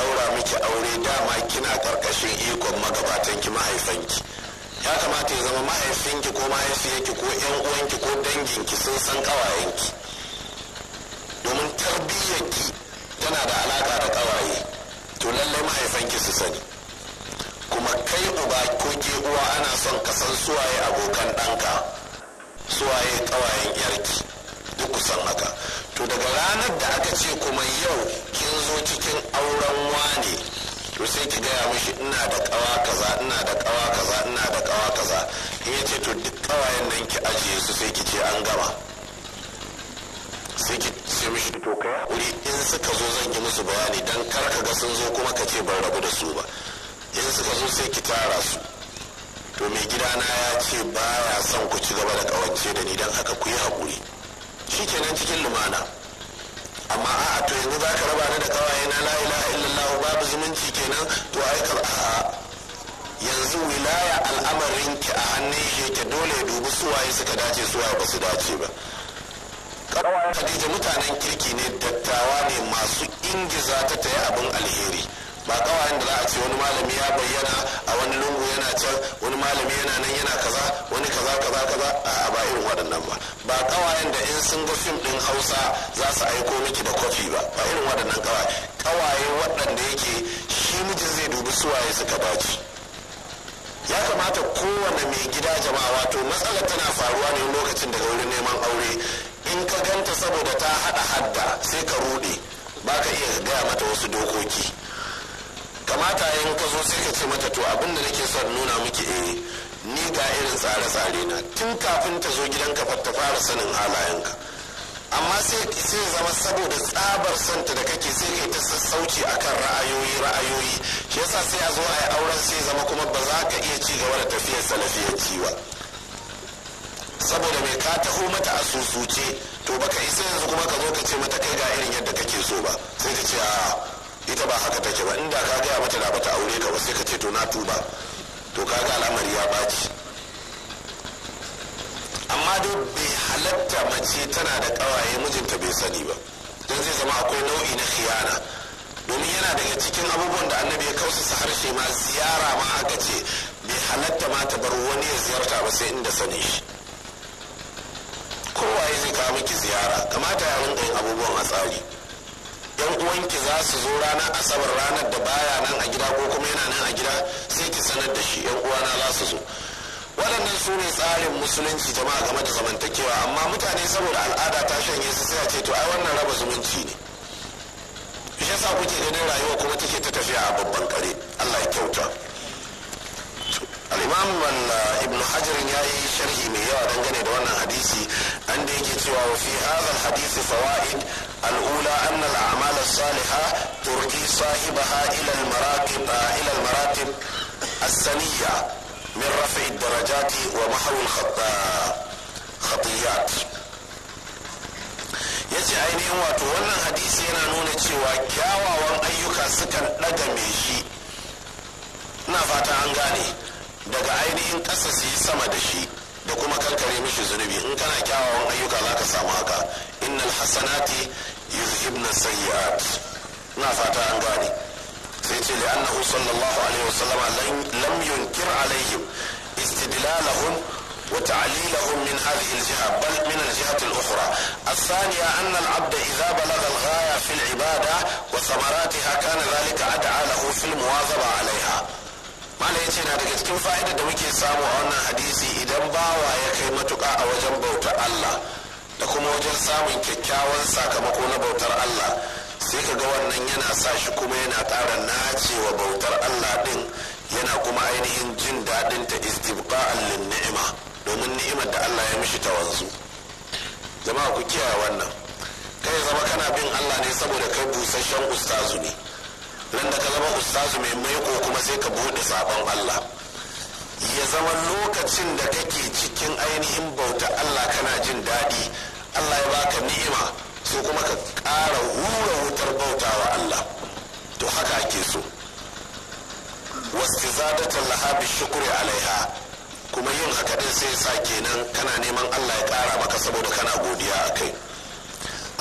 Speaker 1: ɗaura miki aure dama kina ƙarƙashin ikon magabatan ki mahaifanki ya kamata ya zama mahaifinki ko mahaifiyarki ko yan uwanki ko danginki sun san ƙawayenki domin tarbiyyarki tana da alaƙa da ƙawaye to lallai mahaifanki su sani kuma kai uba ko ke uwa ana son ka san suwaye abokan ɗanka suwaye ƙawayen yarki duk kusan haka to daga ranar da aka ce kuma yau kin zo cikin auren wani to sai ki gaya mushi ina da kawa kaza ina da kawa kaza ina da kawa kaza in ya ce to duk kawayen nan ki ajiye su sai ki ce an gama sai ki ce mishi to kai hakuri in suka zo zan yi musu bayani dan kar ka ga sun zo kuma ka ce ban rabu da su ba in suka zo sai ki tara su to mai gidana ya ce baya son ku ci gaba da kawance da ni dan haka ku yi hakuri shi kenan cikin lumana amma a to yanzu za ka raba ni da kawaye na la ilaha illallah babu zumunci kenan to ai ka a yanzu wilaya al'amarin ki a hannun shi ke dole ya dubi waye suka dace suwa ba su dace ba kawai Khadija mutanen kirki ne dattawa ne masu ingiza ta ta abin alheri ba kawayen da za a ce wani malami ya bayyana a wani lungu yana can wani malami yana nan yana kaza wani kaza kaza kaza a ba irin waɗannan ba ba kawayen da in sun ga fim din hausa za su aiko miki da kofi ba ba irin waɗannan kawai kawaye waɗanda yake shi mijin zai dubi suwaye suka baci ya kamata kowane mai gida jama'a wato matsalar tana faruwa ne lokacin daga wurin neman aure in ka ganta saboda ta haɗa hadda sai ka ruɗe ba ka iya gaya mata wasu dokoki kamata in ka zo sai ka ce mata to abin da nake son nuna miki eh ni ga irin tsare-tsare na tun kafin ta zo gidanka ka ta fara sanin halayenka amma sai sai zama saboda tsabar ta da kake sai kai ta sassauci akan ra'ayoyi ra'ayoyi shi yasa sai a zo a yi auren sai zama kuma ba za ka iya ci gaba da tafiyar salafiyar ba saboda mai ka taho mata a susuce to baka isa yanzu kuma ka zo ka ce mata kai ga irin yadda kake so ba sai ta ce a'a ita ba haka take ba inda ka gaya mata da ta aure ka ba sai ka ce to na tuba to ka ga al'amari ya baci amma dai bai halatta mace tana da kawaye mijinta bai sani ba don zai zama akwai nau'i na khiyana domin yana daga cikin abubuwan da annabi ya kausa harshe ma ziyara ma aka ce bai halatta ma ta bar wani ya ziyarta ba sai inda sani shi ya zai kawo miki ziyara kamata ya rinka yin abubuwan a tsari yan uwanki za su zo ranar asabar ranar da baya nan a gida ko kuma yana nan a gida sai ki sanar da shi yan uwana za su zo waɗannan su ne tsarin musulunci jama'a game da zamantakewa amma mutane saboda al'ada ta shanye su sai a ce to ai wannan raba zumunci ne shi yasa kuke ganin rayuwa kuma take ta tafiya a babban kare Allah ya kyauta al'imam ibn hajar ya yi sharhi mai yawa dangane da wannan hadisi an da yake cewa wa fi hadha al-hadith fawaid al-ula anna al-a'mal as-saliha turji sahibaha ila al-maratib ila al-maratib as-saniyya min raf'i ad-darajat wa mahw al-khatiyat yace ainihin wato wannan hadisi yana nuna cewa kyawawan ayyuka sukan daga mai shi ina fata an gane daga ainihin ƙasa su yi sama da shi da kuma kankare mishi zunubi in kana kyawawan ayyuka za ka samu haka innal hasanati yuzhibna sayyi'at na fata an gane sai ce annahu sallallahu alaihi wasallama lam yunkir alaihim istidlalahum wa ta'lilahum وتعليلهم من هذه الجهة بل من الجهة الأخرى الثانية أن العبد إذا بلغ الغاية في العبادة وثمراتها كان ذلك أدعى له في المواظبة عليها mala yace na daga cikin fa'idar da muke samu a wannan hadisi idan bawa ya kai matuka a wajen bautar Allah da kuma wajen samun kyakkyawan sakamako na bautar Allah sai ka ga wannan yana sa shi kuma yana ƙara nacewa bautar Allah din yana kuma ainihin jin daɗin ta istibqa lin ni'ima domin ni'imar da Allah ya mishi ta wanzu jama'a ku kiyaye wannan kai zama kana bin Allah ne saboda kai busasshen ustazu ne nan da ka zama ustazu mai maiko kuma sai ka buɗe sabon Allah ya zama lokacin da kake cikin ainihin bauta Allah kana jin daɗi Allah ya baka ni'ima so kuma ka ƙara hura wutar bautawa Allah to haka ake so wasu zadatan lahabi shukuri alaiha kuma yin haka din sai sa kenan kana neman Allah ya ƙara maka saboda kana godiya a kai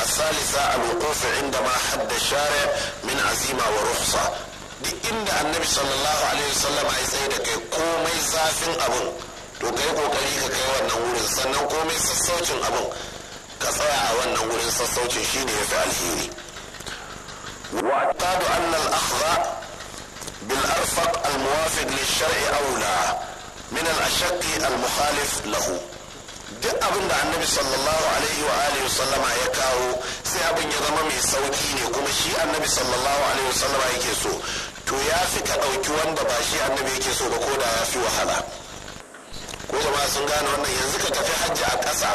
Speaker 1: الثالثة الوقوف عندما حد الشارع من عزيمة ورخصة دي إن النبي صلى الله عليه وسلم عايز سيدك كومي زافن أبو تقول كريكا كي ونهور سنة كومي سسوت أبن كفايا ونهور سسوت شيني يفعل فعله واعتاد أن الأخذ بالأرفق الموافق للشرع أولى من الأشك المخالف له duk abin da annabi sallallahu alaihi wa alihi wasallama ya kawo sai abin ya zama mai sauki ne kuma shi annabi sallallahu alaihi wasallama yake so to ya fi ka ɗauki wanda ba shi annabi yake so ba ko da ya fi wahala ko jama'a sun gane wannan yanzu ka tafi hajji a ƙasa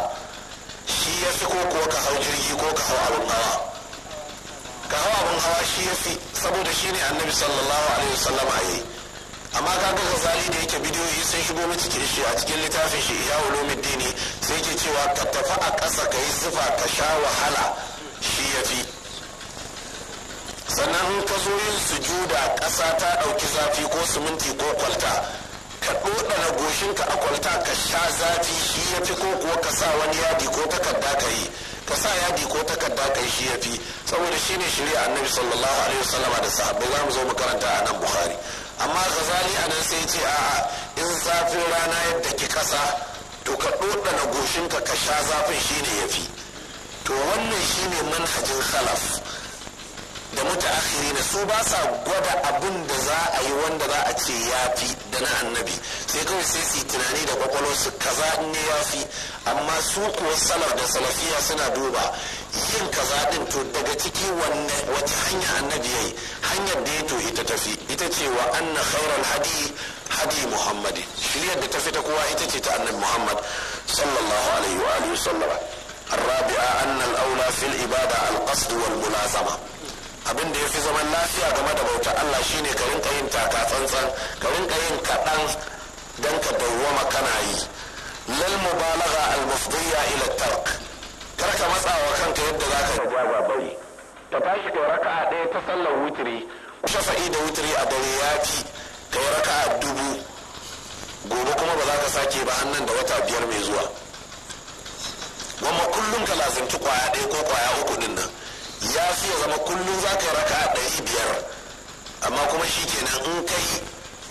Speaker 1: shi ya fi ko kuwa ka hau jirgi ko ka hau abin hawa ka hau abin hawa shi ya fi saboda shi ne annabi sallallahu alaihi wa ya yi amma ga ghazali da yake bidiyoyi sun shigo miki shi a cikin littafin shi ya dini sai ke cewa ka tafi a ƙasa ka yi zufa ka sha wahala shi ya fi sannan in ka zo yin sujuda ƙasa ta ɗauki zafi ko siminti ko kwalta ka goshin goshinka a kwalta ka sha zafi shi ya fi ko kuwa ka sa wani yadi ko takarda ka yi ka sa yadi ko takarda ka yi shi ya fi saboda shi shine shirya annabi sallallahu alaihi wasallama da sahabbai za mu zo mu karanta a nan bukhari amma gazali a nan sai ce a in zafin rana yadda ki kasa to ka ɗoɗana goshinka ka sha zafin shine yafi to wannan shine manhajin khalaf da mutaakhiri na su ba sa gwada abin da za a yi wanda za a ce ya fi da na annabi sai kawai sai su yi tunani da kwakwalwarsu kaza in ne ya fi amma su kuwa salaf da salafiya suna duba yin kaza din to daga ciki wata hanya annabi ya yi hanyar da ya to ita tafi ita ce wa anna khairal hadi hadi muhammadi shiryar da tafi ta kowa ita ce ta annabi muhammad sallallahu alaihi wa alihi wa sallama الرابعة أن الأولى في العبادة القصد والملازمة abin da ya fi zaman lafiya game da bauta Allah shine ka rinka yin taka tsantsan ka rinka yin kaɗan don ka dawwama kana yi lal mubalagha al mufdiya ila tark kar ka matsa wa kanka yadda za ka jaba bai ta tashi kai raka'a ɗaya ta sallar wutiri sa'i da wutiri a dare ya fi kai raka'a dubu gobe kuma ba za ka sake ba hannun da wata biyar mai zuwa wamma kullum ka lazimci kwaya ɗaya ko kwaya uku din nan ya fi ya zama kullum za ka yi raka a ɗari biyar amma kuma shi kenan in kai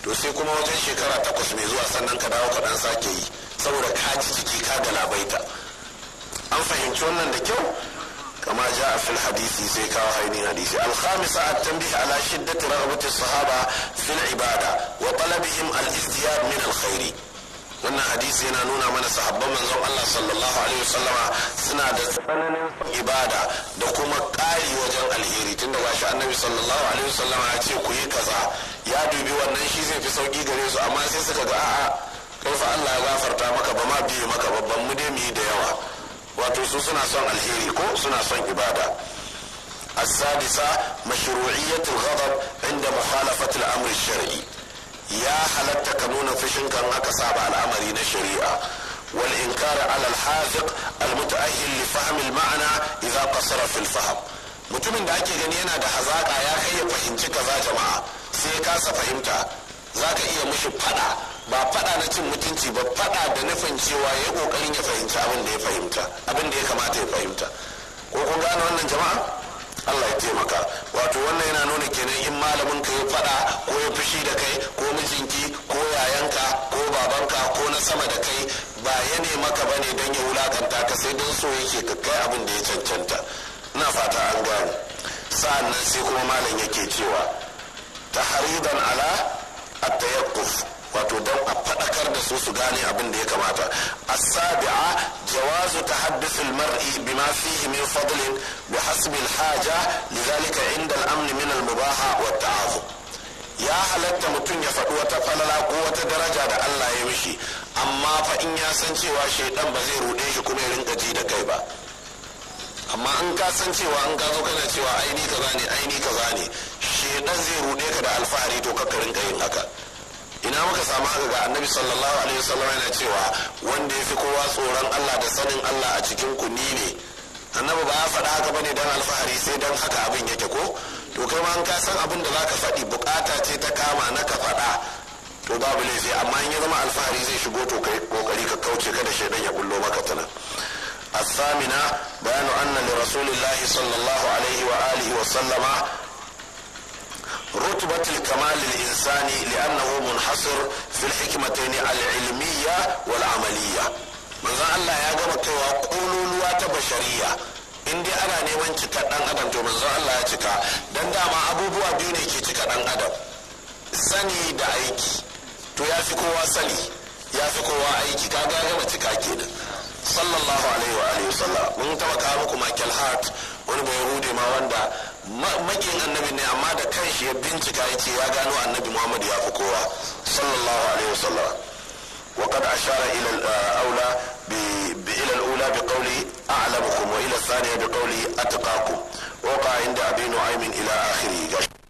Speaker 1: to sai kuma wajen shekara takwas mai zuwa sannan ka dawo ka ɗan sake yi saboda ka ji jiki ka labaita an fahimci wannan da kyau hadisi كما جاء في الحديث زي a حديث ala shiddatin على sahaba رغبة ibada wa العبادة وطلبهم min من الخير wannan hadisi yana nuna mana sahabban manzon Allah sallallahu alaihi wasallama suna da tsananin ibada da kuma ƙari wajen alheri tunda shi annabi sallallahu alaihi wasallama ya ce ku yi kaza ya dubi wannan shi zai fi sauki gare su amma sai suka ga a'a kai fa Allah ya gafarta maka ba ma biye maka babban mu dai mu yi da yawa wato su suna son alheri ko suna son ibada السادسة مشروعية الغضب عند مخالفة الأمر الشرعي ya halatta ka nuna fushin kan aka saba al'amari na shari'a wal inkar ala al hafiq al mutaahil li fahm al ma'na idza qasara fi al fahm mutumin da ake gani yana da hazaka ya kai ya fahimci kaza jama'a sai ya kasa fahimta zaka iya mushi fada ba fada na cin mutunci ba fada da nufin cewa ya kokarin ya fahimci abin da ya fahimta abin da ya kamata ya fahimta ko kun gane wannan jama'a Allah ya taimaka wato wannan yana nuna kenan in malamin ka ya fada ko ya fushi da kai sama da kai ba ya ne maka bane don ya wulakanta ka sai don so yake ka kai abin da ya cancanta na fata an gano sa'an nan sai kuma malam yake cewa haridan ala at-tayaqquf wato don a faɗakar da su su gane abin da ya kamata a sabia jawazu tahaddus al-mar'i bima fihi min fadlin bi hasbi haja lidhalika inda al-amn min al-mubaha wa at ya halatta mutum ya faɗi wata falala ko wata daraja da Allah ya mishi amma fa in ya san cewa shaidan ba zai ruɗe shi kuma ya rinka ji da kai ba amma in ka san cewa in ka zo kana cewa aini kaza ne aini kaza ne shaidan zai ruɗe ka da alfahari to ka rinka yin haka ina muka samu haka ga annabi sallallahu alaihi wasallam yana cewa wanda ya fi kowa tsoron Allah da sanin Allah a cikin ku ni ne annabi ba ya faɗa haka bane dan alfahari sai dan haka abin yake ko to kai ma an ka san abin da zaka faɗi bukata ce ta kama na ka faɗa to babu laifi amma in ya zama alfahari zai shigo to kai kokari ka kauce kada shaidan ya bullo maka tana الثامنة بيان أن لرسول الله صلى الله عليه وآله وسلم رتبة الكمال الإنساني لأنه منحصر في الحكمتين العلمية والعملية من الله يا جماعة قولوا ta bashariya. in dai ana neman cika dan adam to manzo Allah ya cika dan dama abubuwa biyu ne ke cika dan adam sani da aiki to ya fi kowa sani ya fi kowa aiki ka ga gama cika kenan sallallahu alaihi wa alihi sallam mun taba kawo muku Michael Hart wani bai hude ma wanda makin annabi ne amma da kanshi ya bincika yace ya gano annabi Muhammad ya fi kowa sallallahu alaihi wa sallam. وقد أشار إلى الأولى آه، إلى الأولى بقوله أعلمكم وإلى الثانية بقوله أتقاكم وقع عند أبي نعيم إلى آخره